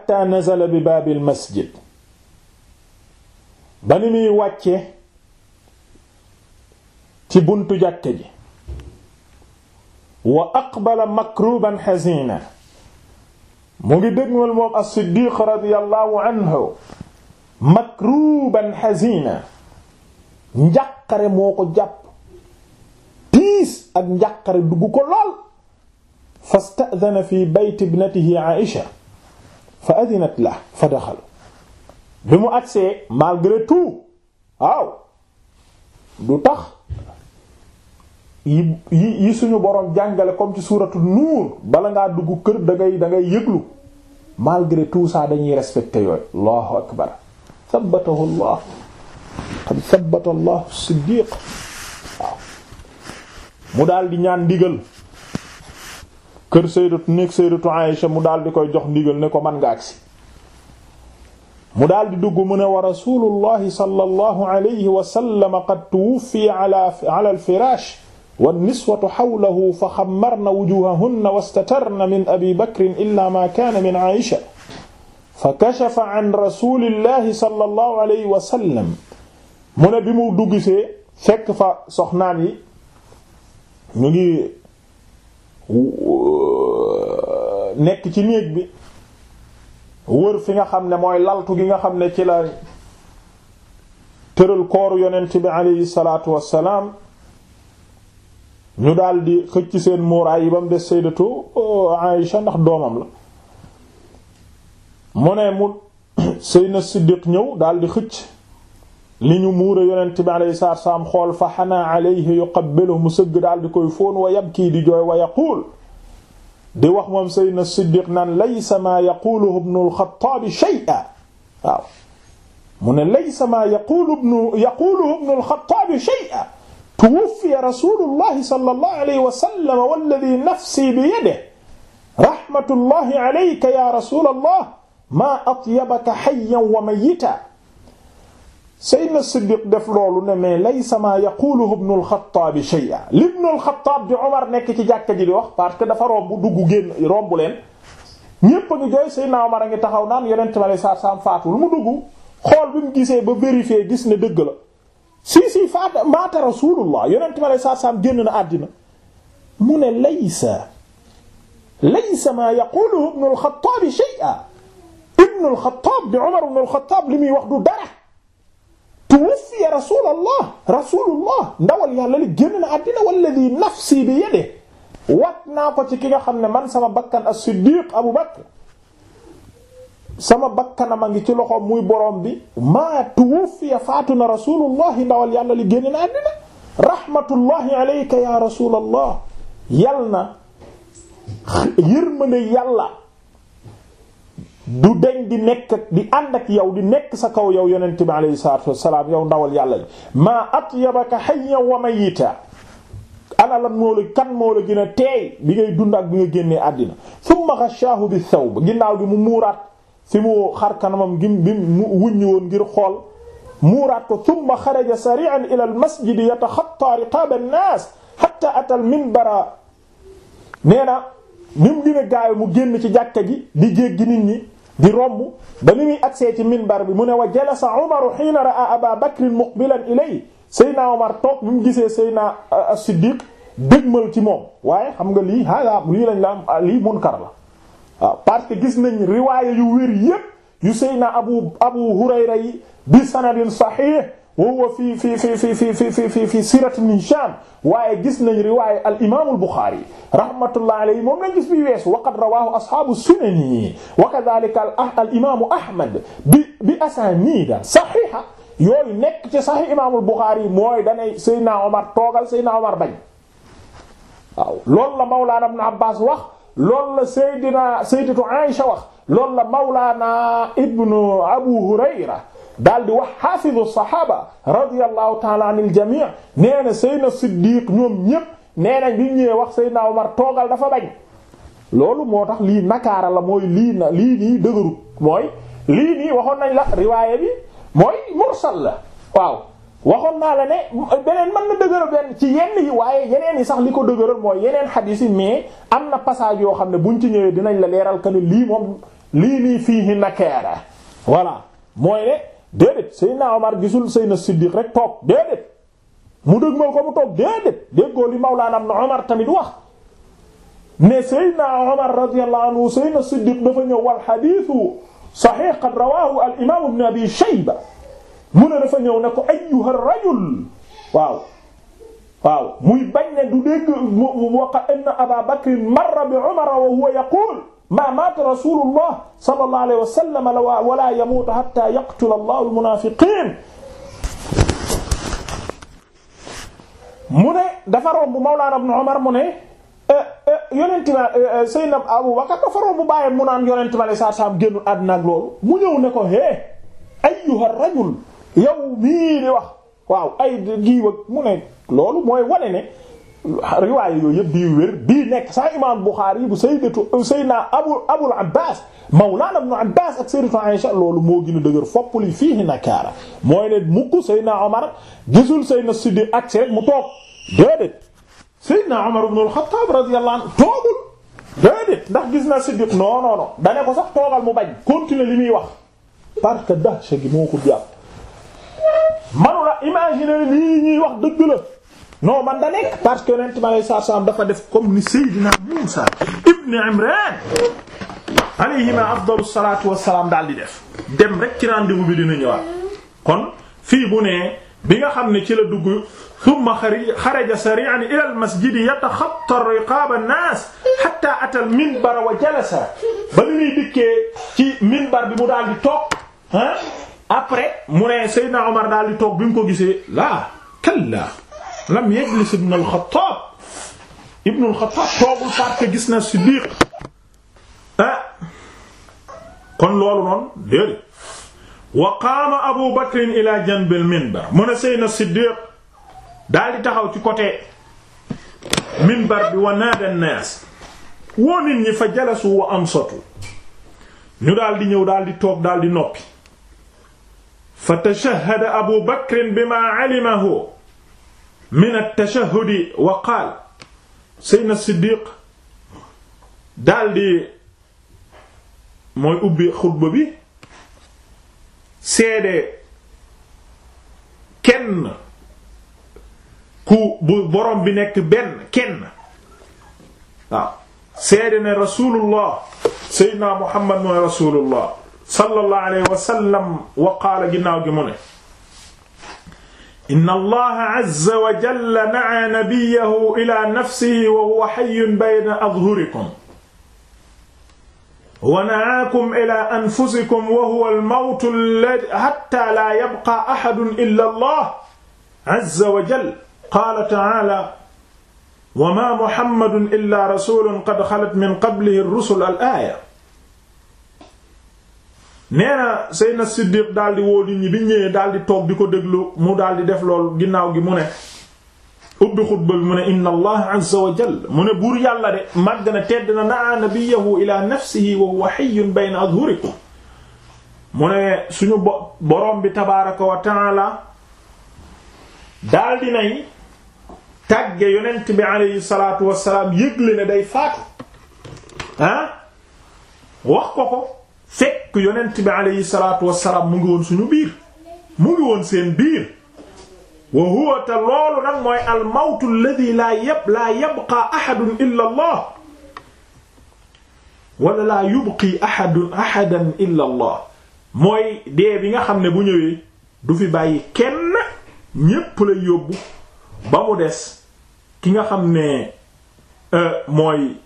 S1: xatta nazala bi baabil masjid ba ni muy wàcce ci buntu jàkka ji wa aqbala makruban xasina mu ngi dégmal moom as-Siddiq radiyallahu anhu makruban xasina njàqare moo ko jàpp tiis ak njàqare dugg ko lool fasta'dana fi bayt ibnatihi Aïsha fa adinat la fa daxal bi mu agsee malgré tout waaw du tax yi yi suñu boroom jàngale comme ci suuratu nuur bala ngaa dugg kër da ngay da ngay yëglu malgré tout ça dañuy respecté yooyu allahu akbar sabbatahu allah qad sabbata allah siddiq waaw mu daal di ñaan ndigal kër sayyidatu néeg sayyidatu Aïsha mu daal di koy jox ndigal ne ko man nga agsi mu daal di dugg mu ne wa rasulullahi sallallahu alayhi wa sallam qad tuwuffiya ala ala al-firaash wan-niswatu hawlahu fa xammarna wujuuhahunna wastatarna min abi bakrin illaa maa kaana min Aïsha fa kashafa an rasulillahi sallallahu alayhi wa sallam mu ne bi mu dugg see fekk fa soxnaam yi ñu ngi Euh, nekk ci néeg bi wër fi nga xam ne mooy laltu gi nga xam ne ci la tëral kooru yonent bi aleyhi salaatu wassalaam ñu daldi xëcc seen muuraay yi ba mu des sayyidatu euh, Aïsha ndax doomam la mu ne mu Seydina Siddiq ñëw daldi xëcc li ñu muure yonent bi alayhi salaatu wassalaam xool fa xanaa alayhi yuqabbilu mu sëgg daal di koy fóon wa yabkii di jooy wa yaquul di wax moom sayyidina Siddiq naan laysa maa yaqulu ibnul Xattaab shay'an waaw mu ne laysa maa yaqulu ibnu yaqulu ibnul Xattaab shay'an tuwuffiya rasuulullahi sallallahu alayhi wa sallam walladhi nafsi biyadihi rahmatullahi alayka ya rasuulallah maa atyabaka hayyan wa mayyitan Seydina Siddiq def loolu ne mais laysa ma yaquluhu ibnu al-Xattaab shay'a li ibnu al-Xattaab nekk ci jàkka ji wax parce que dafa romb dugg génn romb leen ñépp a ngi jooy a ngi taxaw naan yonent ma lay saa saam faatul mu dugg xool bi gisee ba vérifier gis ne dëgg la si si faat maata Rasulullah yonent ma saa saam génn na àddina mu ne laysa laysa ma yaquluhu ibnu al-Xattaab shay'a ibnu al-Xattaab di Omar ibnu li muy wax du dara. tuwuffiya rasulallah rasulullah ndawal yàlla li génn na àddina walladi nafsi bi yede wat naa ko ci ki nga xam ne man sama bakkan as-siddiq abu bakr sama bakkanam a ngi ci loxo muy borom bi maa tuwuffiya faatu na rasulullah ndawal yàlla li génn na àddina rahmatullahi alayka ya rasulallah yal na yërmande yàlla du deñ nekk di ànd ak yow di nekk sa kaw yow yonent bi alayhi salaatu wassalaam yow ndawal yàlla ji maa atyabaka hayyan wa mayyita ana lan moo kan moo la gën bi ngay dund ak bi nga génnee àddina thumma ghashaahu bi thawb ginnaaw gi mu muuraat fi mu xar kanamam gi mu woon ngir xool muuraat ko thumma xaraja sari'an ila al masjid yataxatta riqaaba an hatta ata al minbara nee na ni mu gën ci jàkka ji di jéggi nit ñi di romb ba ni muy agsee ci minbar bi mu ne wa jalasa Umar hiina ra'a Abaa Bakrin muqbilan ilay Seydina Umar toog bi mu gisee Seydina euh, Siddiq dégmal ci moom waaye xam nga lii hada lii lañ la ah, lii munkar la waaw parce que gis nañ riwaaya yu wér yépp yu Seydina Abu Abu Hurayra yi bi sanadin sahih wa huwa fi fi fi fi fi fi fi fi fi sirat ibn Hisham waaye gis nañ riwaaye al imaam al Buxaari rahmatullah alayhi moom lañ gis bi wees wa qad rawaahu ashaabu sunani wa kadhalika al ah, imaamu Ahmad bi bi asaaniida saxiixa yooyu nekk ci saxiix imaamul Buxaari mooy danay Seydina Omar toogal Seydina Omar bañ waaw loolu la Mawlaana Ibn Abbaas wax loolu la Seydina Sayyidatu Aïsha wax loolu la Mawlaana Ibnu Abu Hurayra daal di wax xaafidu saxaaba radiyallahu taala anil jamii nee na Seydina Siddiq ñoom ñépp nee na ñu wax wax Seydina Omar toogal dafa bañ loolu moo tax lii nakaara la mooy lii na lii nii dëgërut mooy lii nii waxoon nañ la riwaaya bi mooy mursal la waaw waxoon naa la ne beneen man na dëgëral benn ci yenn yi waaye yeneen yi sax li ko dëgëral mooy yeneen xadiis yi mais am na passage yoo xam ne buñ ci ñëwee dinañ la leeral que ne lii moom lii nii fiihi nakaara voilà déedéet Seydina Omar gisul Seydina Siddiq rek toog déedéet mu dëgmal ko mu toog déedéet déggoo li Mawlaana Ibn Omar tamit wax ne Seydina Omar radiyallahu anhu Seydina Siddiq dafa ñëw wal hadiisu sahih qad rawaahu al imaam Ibn Abi Shayba mu ne dafa ñëw ne ko ayyuha rajul waaw waaw muy bañ ne du dégg mu waqa inna Abaa Bakr marra bi Umar wa huwa yaquul maa maata rasulullah sallallahu alayhi wa sallam wala yamuutu hatta yaqtula allahu almunaafiqiin mu ne dafa romb Mawlaana Ibn Umar mu ne eh, eh, yonent ma eh, Seydina Abu Bakar dafa romb bàyyam mu naan yonent ma la saa saam génn àddina ak loolu mu ñëw ne ko hee ayyuha rajul yow mii di wax waaw ay giiw ak mu ne loolu mooy wane ne. riwaay yooyu yëpp bii wér bii nekk sax imaam Buxaari bu sayyidatu sayyidina abu abul abbas mawlaana ibnu abbas ak sayyidatu Aisha loolu moo gën a dëgër fopp li fiihi nakaara mooy ne mukk sayyidina Omar gisul sayyidina ak si rek mu toog déedéet sayyidina Omar ibnu al-Xattaab radiyallahu toogul déedéet ndax gis na Siddiq non non non dane ko sax toogal mu bañ li muy wax parce que dahsha gi moo ko jàpp manula imaginer lii ñuy wax dëgg la non man da nekk parce que yonent mi salaam dafa def comme ni Seydina Muusa ibn Imraan alayhima afdalu salaatu wassalaam daal di def dem rek ci rendez-vous bi dina ñëwaat kon fii bu ne bi nga xam ne ci la dugg thumma xaraja sari'an ila al-masjidi yataxatta riqaaba an-naas hatta ata al wa jalasa ba ni ñuy dikkee ci minbar bi mu daal di toog ah après mu ne Seydina Omar daal di toog bi mu ko gisee laa kallaa lam yajlis ibn al-Khattab ibn al-Khattab toogul parce que gis na Siddiq ah kon loolu noonu déedéet wa qaama Abu Bakr ila janb al-minbar mu ne Seydina Siddiq daal di taxaw ci côté minbar bi wa naada an-naas woo nit ñi fa jalasu wa ansatu ñu daal di ñëw daal di toog daal di noppi fa tashahhada Abu Bakr bima alimahu min at-tashahhudi wa qaal Seydina Siddiq daldi mooy ubbi xutba bi seede kenn ku bu borom bi nekk benn kenn waaw seede ne rasulullah Seydina Muhammad mooy rasulullah sallallahu alayhi wa sallam wa qaala ginnaaw gi mu ne inna allaha azza wa jalla na'a nabiyahu ila nafsihi wa huwa hayyun bayna adhurikum wa na'aakum ila anfusikum wa huwa al-mawtu alladhi hatta la yabqa ahadun illa allah azza wa jalla qaala ta'aala wa ma muhammadun illa rasulun qad khalat min qablihi ar-rusul al-aaya nee na Seydina Siddiq daal woo nit bi ñëwee daal toog di ko déglu mu daldi def lool ginnaaw gi mu ne ubbi xutba bi mu ne inna allah azza wa mu ne buur yàlla de màgg na tedd na naa nabiyahu ila nafsihi wa huwa hayyun bayna adhurikum mu ne suñu bo borom bi tabaaraka wa taala daal di nay tàgge yonent bi alayhi salaatu wa yëgle ne day faatu ah wax ko ko. fekk yonent bi aleyhi salaatu wassalaam mu ngi woon suñu biir mu ngi woon seen biir wa huwa te loolu nag mooy al mawtu alladhi laa yab laa yabqaa ahadun illa allah mooy dee bi nga xam ne bu ñëwee du fi bàyyi kenn ñépp la yóbbu ba mu des ki nga xam ne euh, mooy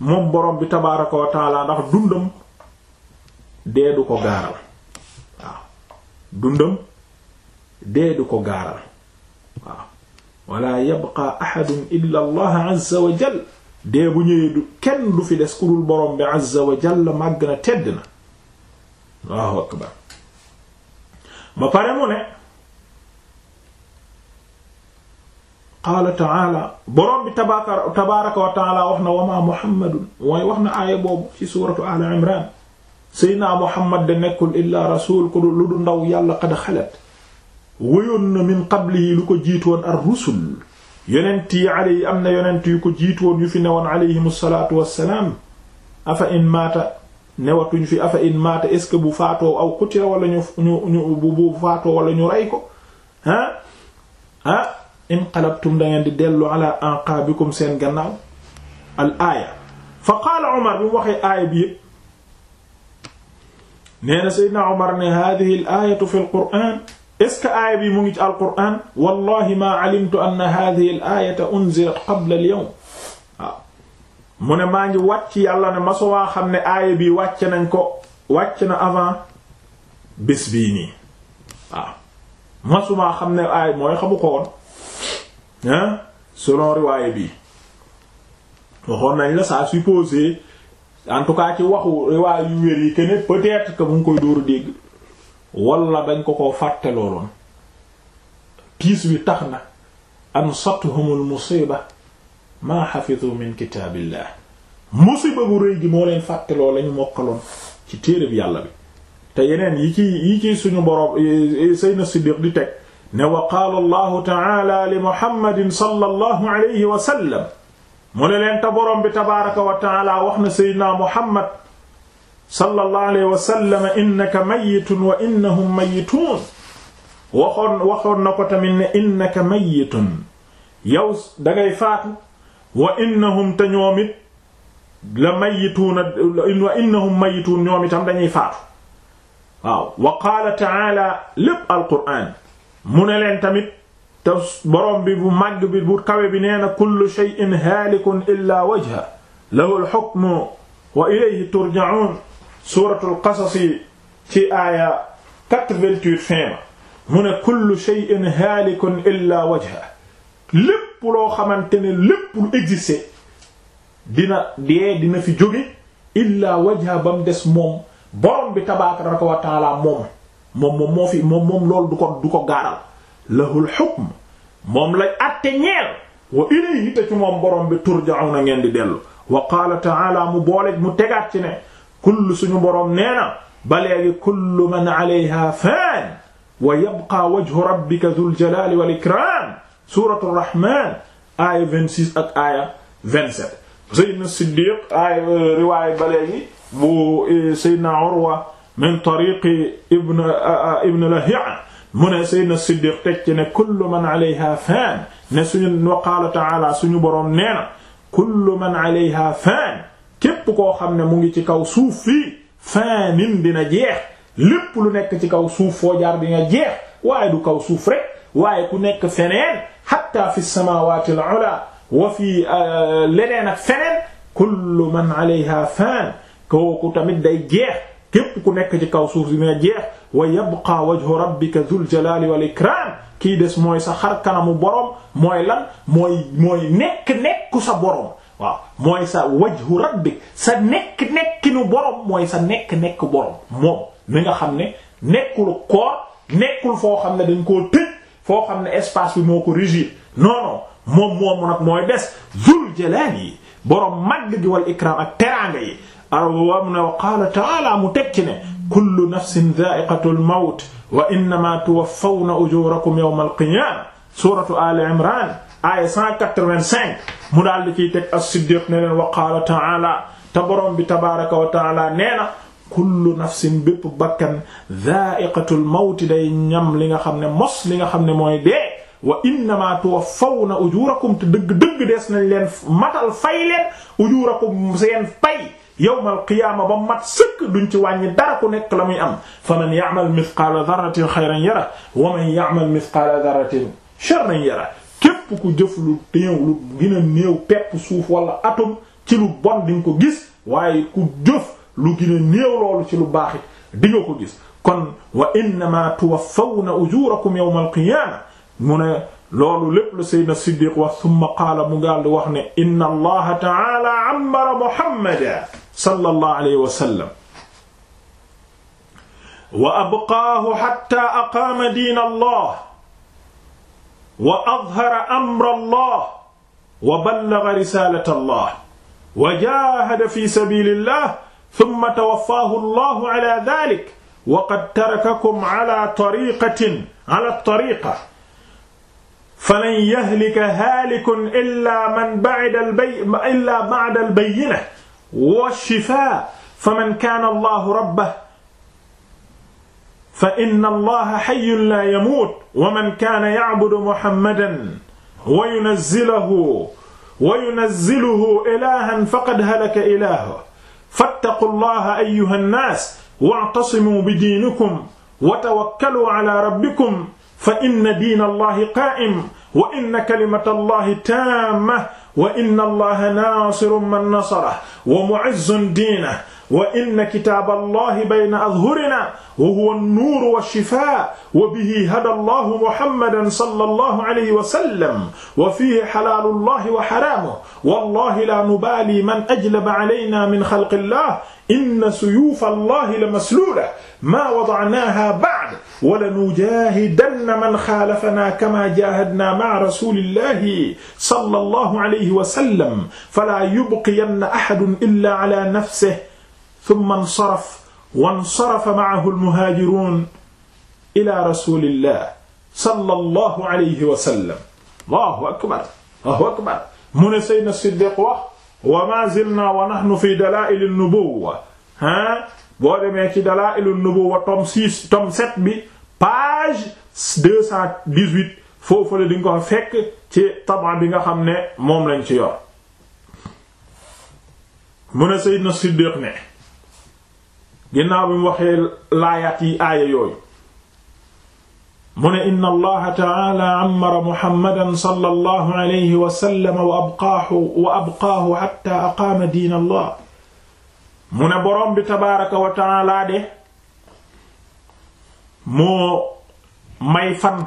S1: moom borom bi tabaaraka wa ndax dundam dee du ko gaaral dundam dee du ko gaaral waaw wala yabqa ahadun illa allah azza wa dee bu ñëwee du kenn du fi des ku dul borom bi azza wa jal màgg na akbar ba pare mu ne qaala taala borom bi tabaaraka wax na wa ma muhammadun wax na aaya boobu ci suuratu al imran seydinaa muhammad de nekkul illaa rasul ku lu du ndaw yàlla qad xalat wéyoon min qablihi lu ko jiitoon ar rusul yi am na yonent yu ko jiitoon yu fi newoon aleyhim salaatu wassalaam afa in maata newatuñ fi afa in maata est ce que bu faatoo aw qutila wala ñu ñu bu faatoo wala ñu rey ko ah ah inqalabtum da di dellu ala anqaabikum seen gannaaw al fa qaala Umar bu waxee aaya bi nee na Seydina Omar ne hadihi al fi al qur'an est-ce que mu ngi ci al qur'an wallahi maa alimtu anna hadihi al maa ngi wàcc yàlla ne masuwaa xam ne aaya bi wàcc nañ ko wàcc na avant bés bii nii waaw xam ne aaya mooy xamu ko woon hein selon riwaaye bi waxoon nañ la ça supposé en tout cas ci waxu riwaay yu wér yi que ne peut-être que mu koy dóoru dégg wala dañ ko ko fàtte looloon tiis wi tax na an sathumul musiba maa xafidu min kitaabillah musiba bu rëy gi moo leen fàtteloo lañu mokkaloon ci téereb yàlla bi te yeneen yi ci yi ci suñu boroom Seydina Siddiq di teg ne wa qaala allahu taala li muhammadin sallallahu alayhi wa mu ne leen te borom bi tabaaraka wa taala wax na seydina muhammad sallallahu alayhi wa sallam innaka mayyitun wa innahum mayyituun waxoon waxoon na ko tamit ne innaka mayyitun yow dangay faatu wa innahum te ñoom it la mayyituuna wa innahum mayyituun ñoom itam dañuy faatu waaw wa qaala taala lépp alquraan mu ne leen tamit te bi bu màgg bi bu kawe bi nee na kullu shay'in haalikun illaa wajha lahu al-hukmu wa ilayhi turja'un suuratul qasas ci aaya 88 fin mu ne kullu shay'in haalikun illaa wajha lépp loo xamante ne lépp lu existé dina dee dina fi jóge illaa wajha ba mu des moom borom bi tabaaraka wa taala moom moom moom moo fi gaaral lahul hukm moom lay atte ñeel wa ilayhi te ci moom borom bi turja'una ngeen di dellu wa qaala ta'ala mu boole mu tegaat ci ne kullu suñu borom nee na ba léegi kullu man alayha fan wa yabqa wajhu rabbika dhul jalali wal ikram suratu rahman aaya 26 ak aaya 27 sayyidna siddiq aaya riwaaya ba léegi bu eh, sayyidna urwa min tariqi ibn ah, ah, ibn lahi'a mu ne Seydina Siddiq teg ci ne kullu man alayha fan ne suñu wa qaala taala suñu boroom nee na kullu man alayha fan képp koo xam ne mu ngi ci kaw suuf fii fanin dina jeex lépp lu nekk ci kaw suuf foo jaar di nga jeex waaye du kaw suuf rek waaye ku nekk feneen hatta fi samawati al ula wa fi euh, leneen ak feneen kullu man alayha fan kooku tamit day jeex képp ku nekk ci kaw suuf dina jeex wa yabqa wajhu rabbika la jalali wal ikram kii des mooy sa xar kanamu borom mooy lan mooy mooy nekk sa borom waaw mooy sa wajhu rabbik sa nekk nekkinu borom mooy sa nekk nekk borom moom mi nga xam ne nekkul koor nekkul foo xam ne dañ koo tëj foo xam ne espace bi moo ko régir non non moom mooy des dhul jalali yi borom màgg gi wal ikram ak teraanga yi am na wa qaala ta'aala mu tekki ne kullu nafsin dha'iqatul mawt wa innama tuwaffawna ujurakum yawmal qiyaama suuratu aali imraan aaya 185 mu daal di ciy teg as-siddiq ne leen wa qaala ta'aala te borom bi tabaaraka wa ta'aala nee na kullu nafsin bépp bakkan dha'iqatul mawti day ñam li nga xam ne mos li nga xam ne mooy dee wa innama tuwaffawna ujurakum te dëgg dëgg des nañ leen matal fay leen ujurakum seen pay yawmal qiyaama ba mat sëkk duñ ci wàññi dara ku nekk la muy am fa man ya'mal mithqaala dharratin xayran yara wa man ya'mal mithqaala dharratin sharran yara képp ku jëf lu néew lu gën a néew pepp suuf wala atom ci lu bon di nga ko gis waaye ku jëf lu gën a néew loolu ci lu baax it di nga ko gis kon wa innama tuwaffawna ujurakum yawmal qiyaama mu ne loolu lépp la sayyidna Siddiq wax summa qaala mu gaal di wax ne inna allaha ta'ala ammara Muhammadan sallallahu alayhi wa sallam wa abqaahu xatta aqaama diin allah wa adhara amra allah wa ballaga risaalata allah wa jaahada fi sabiilillah summa tawaffaahu allahu ala daalik wa qad tarakakum ala tariqatin ala tariqa falan yahlika haalikun illaa man ba'da al bay illaa ba'da al bayyina wa shifaa faman kaana Allahu rabbahu fa inna Allaha hayyun laa yamuut wa man kaana ya'budu Muhammadan wa yunazzilahu wa yunazziluhu ilaahan faqad halaka ilaahuhu fattaqu Allaha ayyuha nnaas wa'tasimuu bidiinikum wa tawakkaluu alaa rabbikum fa inna diina Allahi qaa'im wa inna kalimata Allahi taamma wa inna allaha naasirun man nasarahu wa mu'izzun diinahu wa inna kitaaballahi bayna azhurinaa wa huwa an-nuuru wash-shifaa wa bihi hadaa Allahu Muhammadan sallallahu alayhi wa sallam wa fiihi halaalullahi wa haraamuhu wallaahi laa nubaalii man ajlaba alaynaa min xalqillaah inna suyuufallahi lamasluula maa wada'naahaa ba'd wa lanujaahidanna man xaalafanaa kamaa jaahadnaa ma'a rasuulillaahi sallallahu alayhi wa sallam falaa yubqiyanna ahadun illaa alaa nafsihi thumma nsaraf wansarafa ma'ahu al-muhaajiruun ila rasuulillah sallallahu alayhi wa sallam allahu akbar allahu akbar mu ne Seydina Siddiq wax wa maa zilnaa wa nahnu fi dalaa'il an-nubuwwa ha boo demee ci dalaa'il an-nubuwwa tome 6 tome 7 bi page 218 foofu la di nga ko fekk ci tabaa bi nga xam ne moom lañ ci yor mu ne Seydina Siddiq ne ginnaaw bi mu waxee laayaat yi aaya yooyu mu inna allaha taala ammara muhammadan sallallahu alayhi wa sallam wa abqaahu wa abqaahu diin allah mu ne boroom bi tabaaraka wa de moo may fan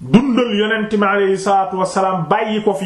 S1: dundal yonent mi alayhi salaatu wa ko fi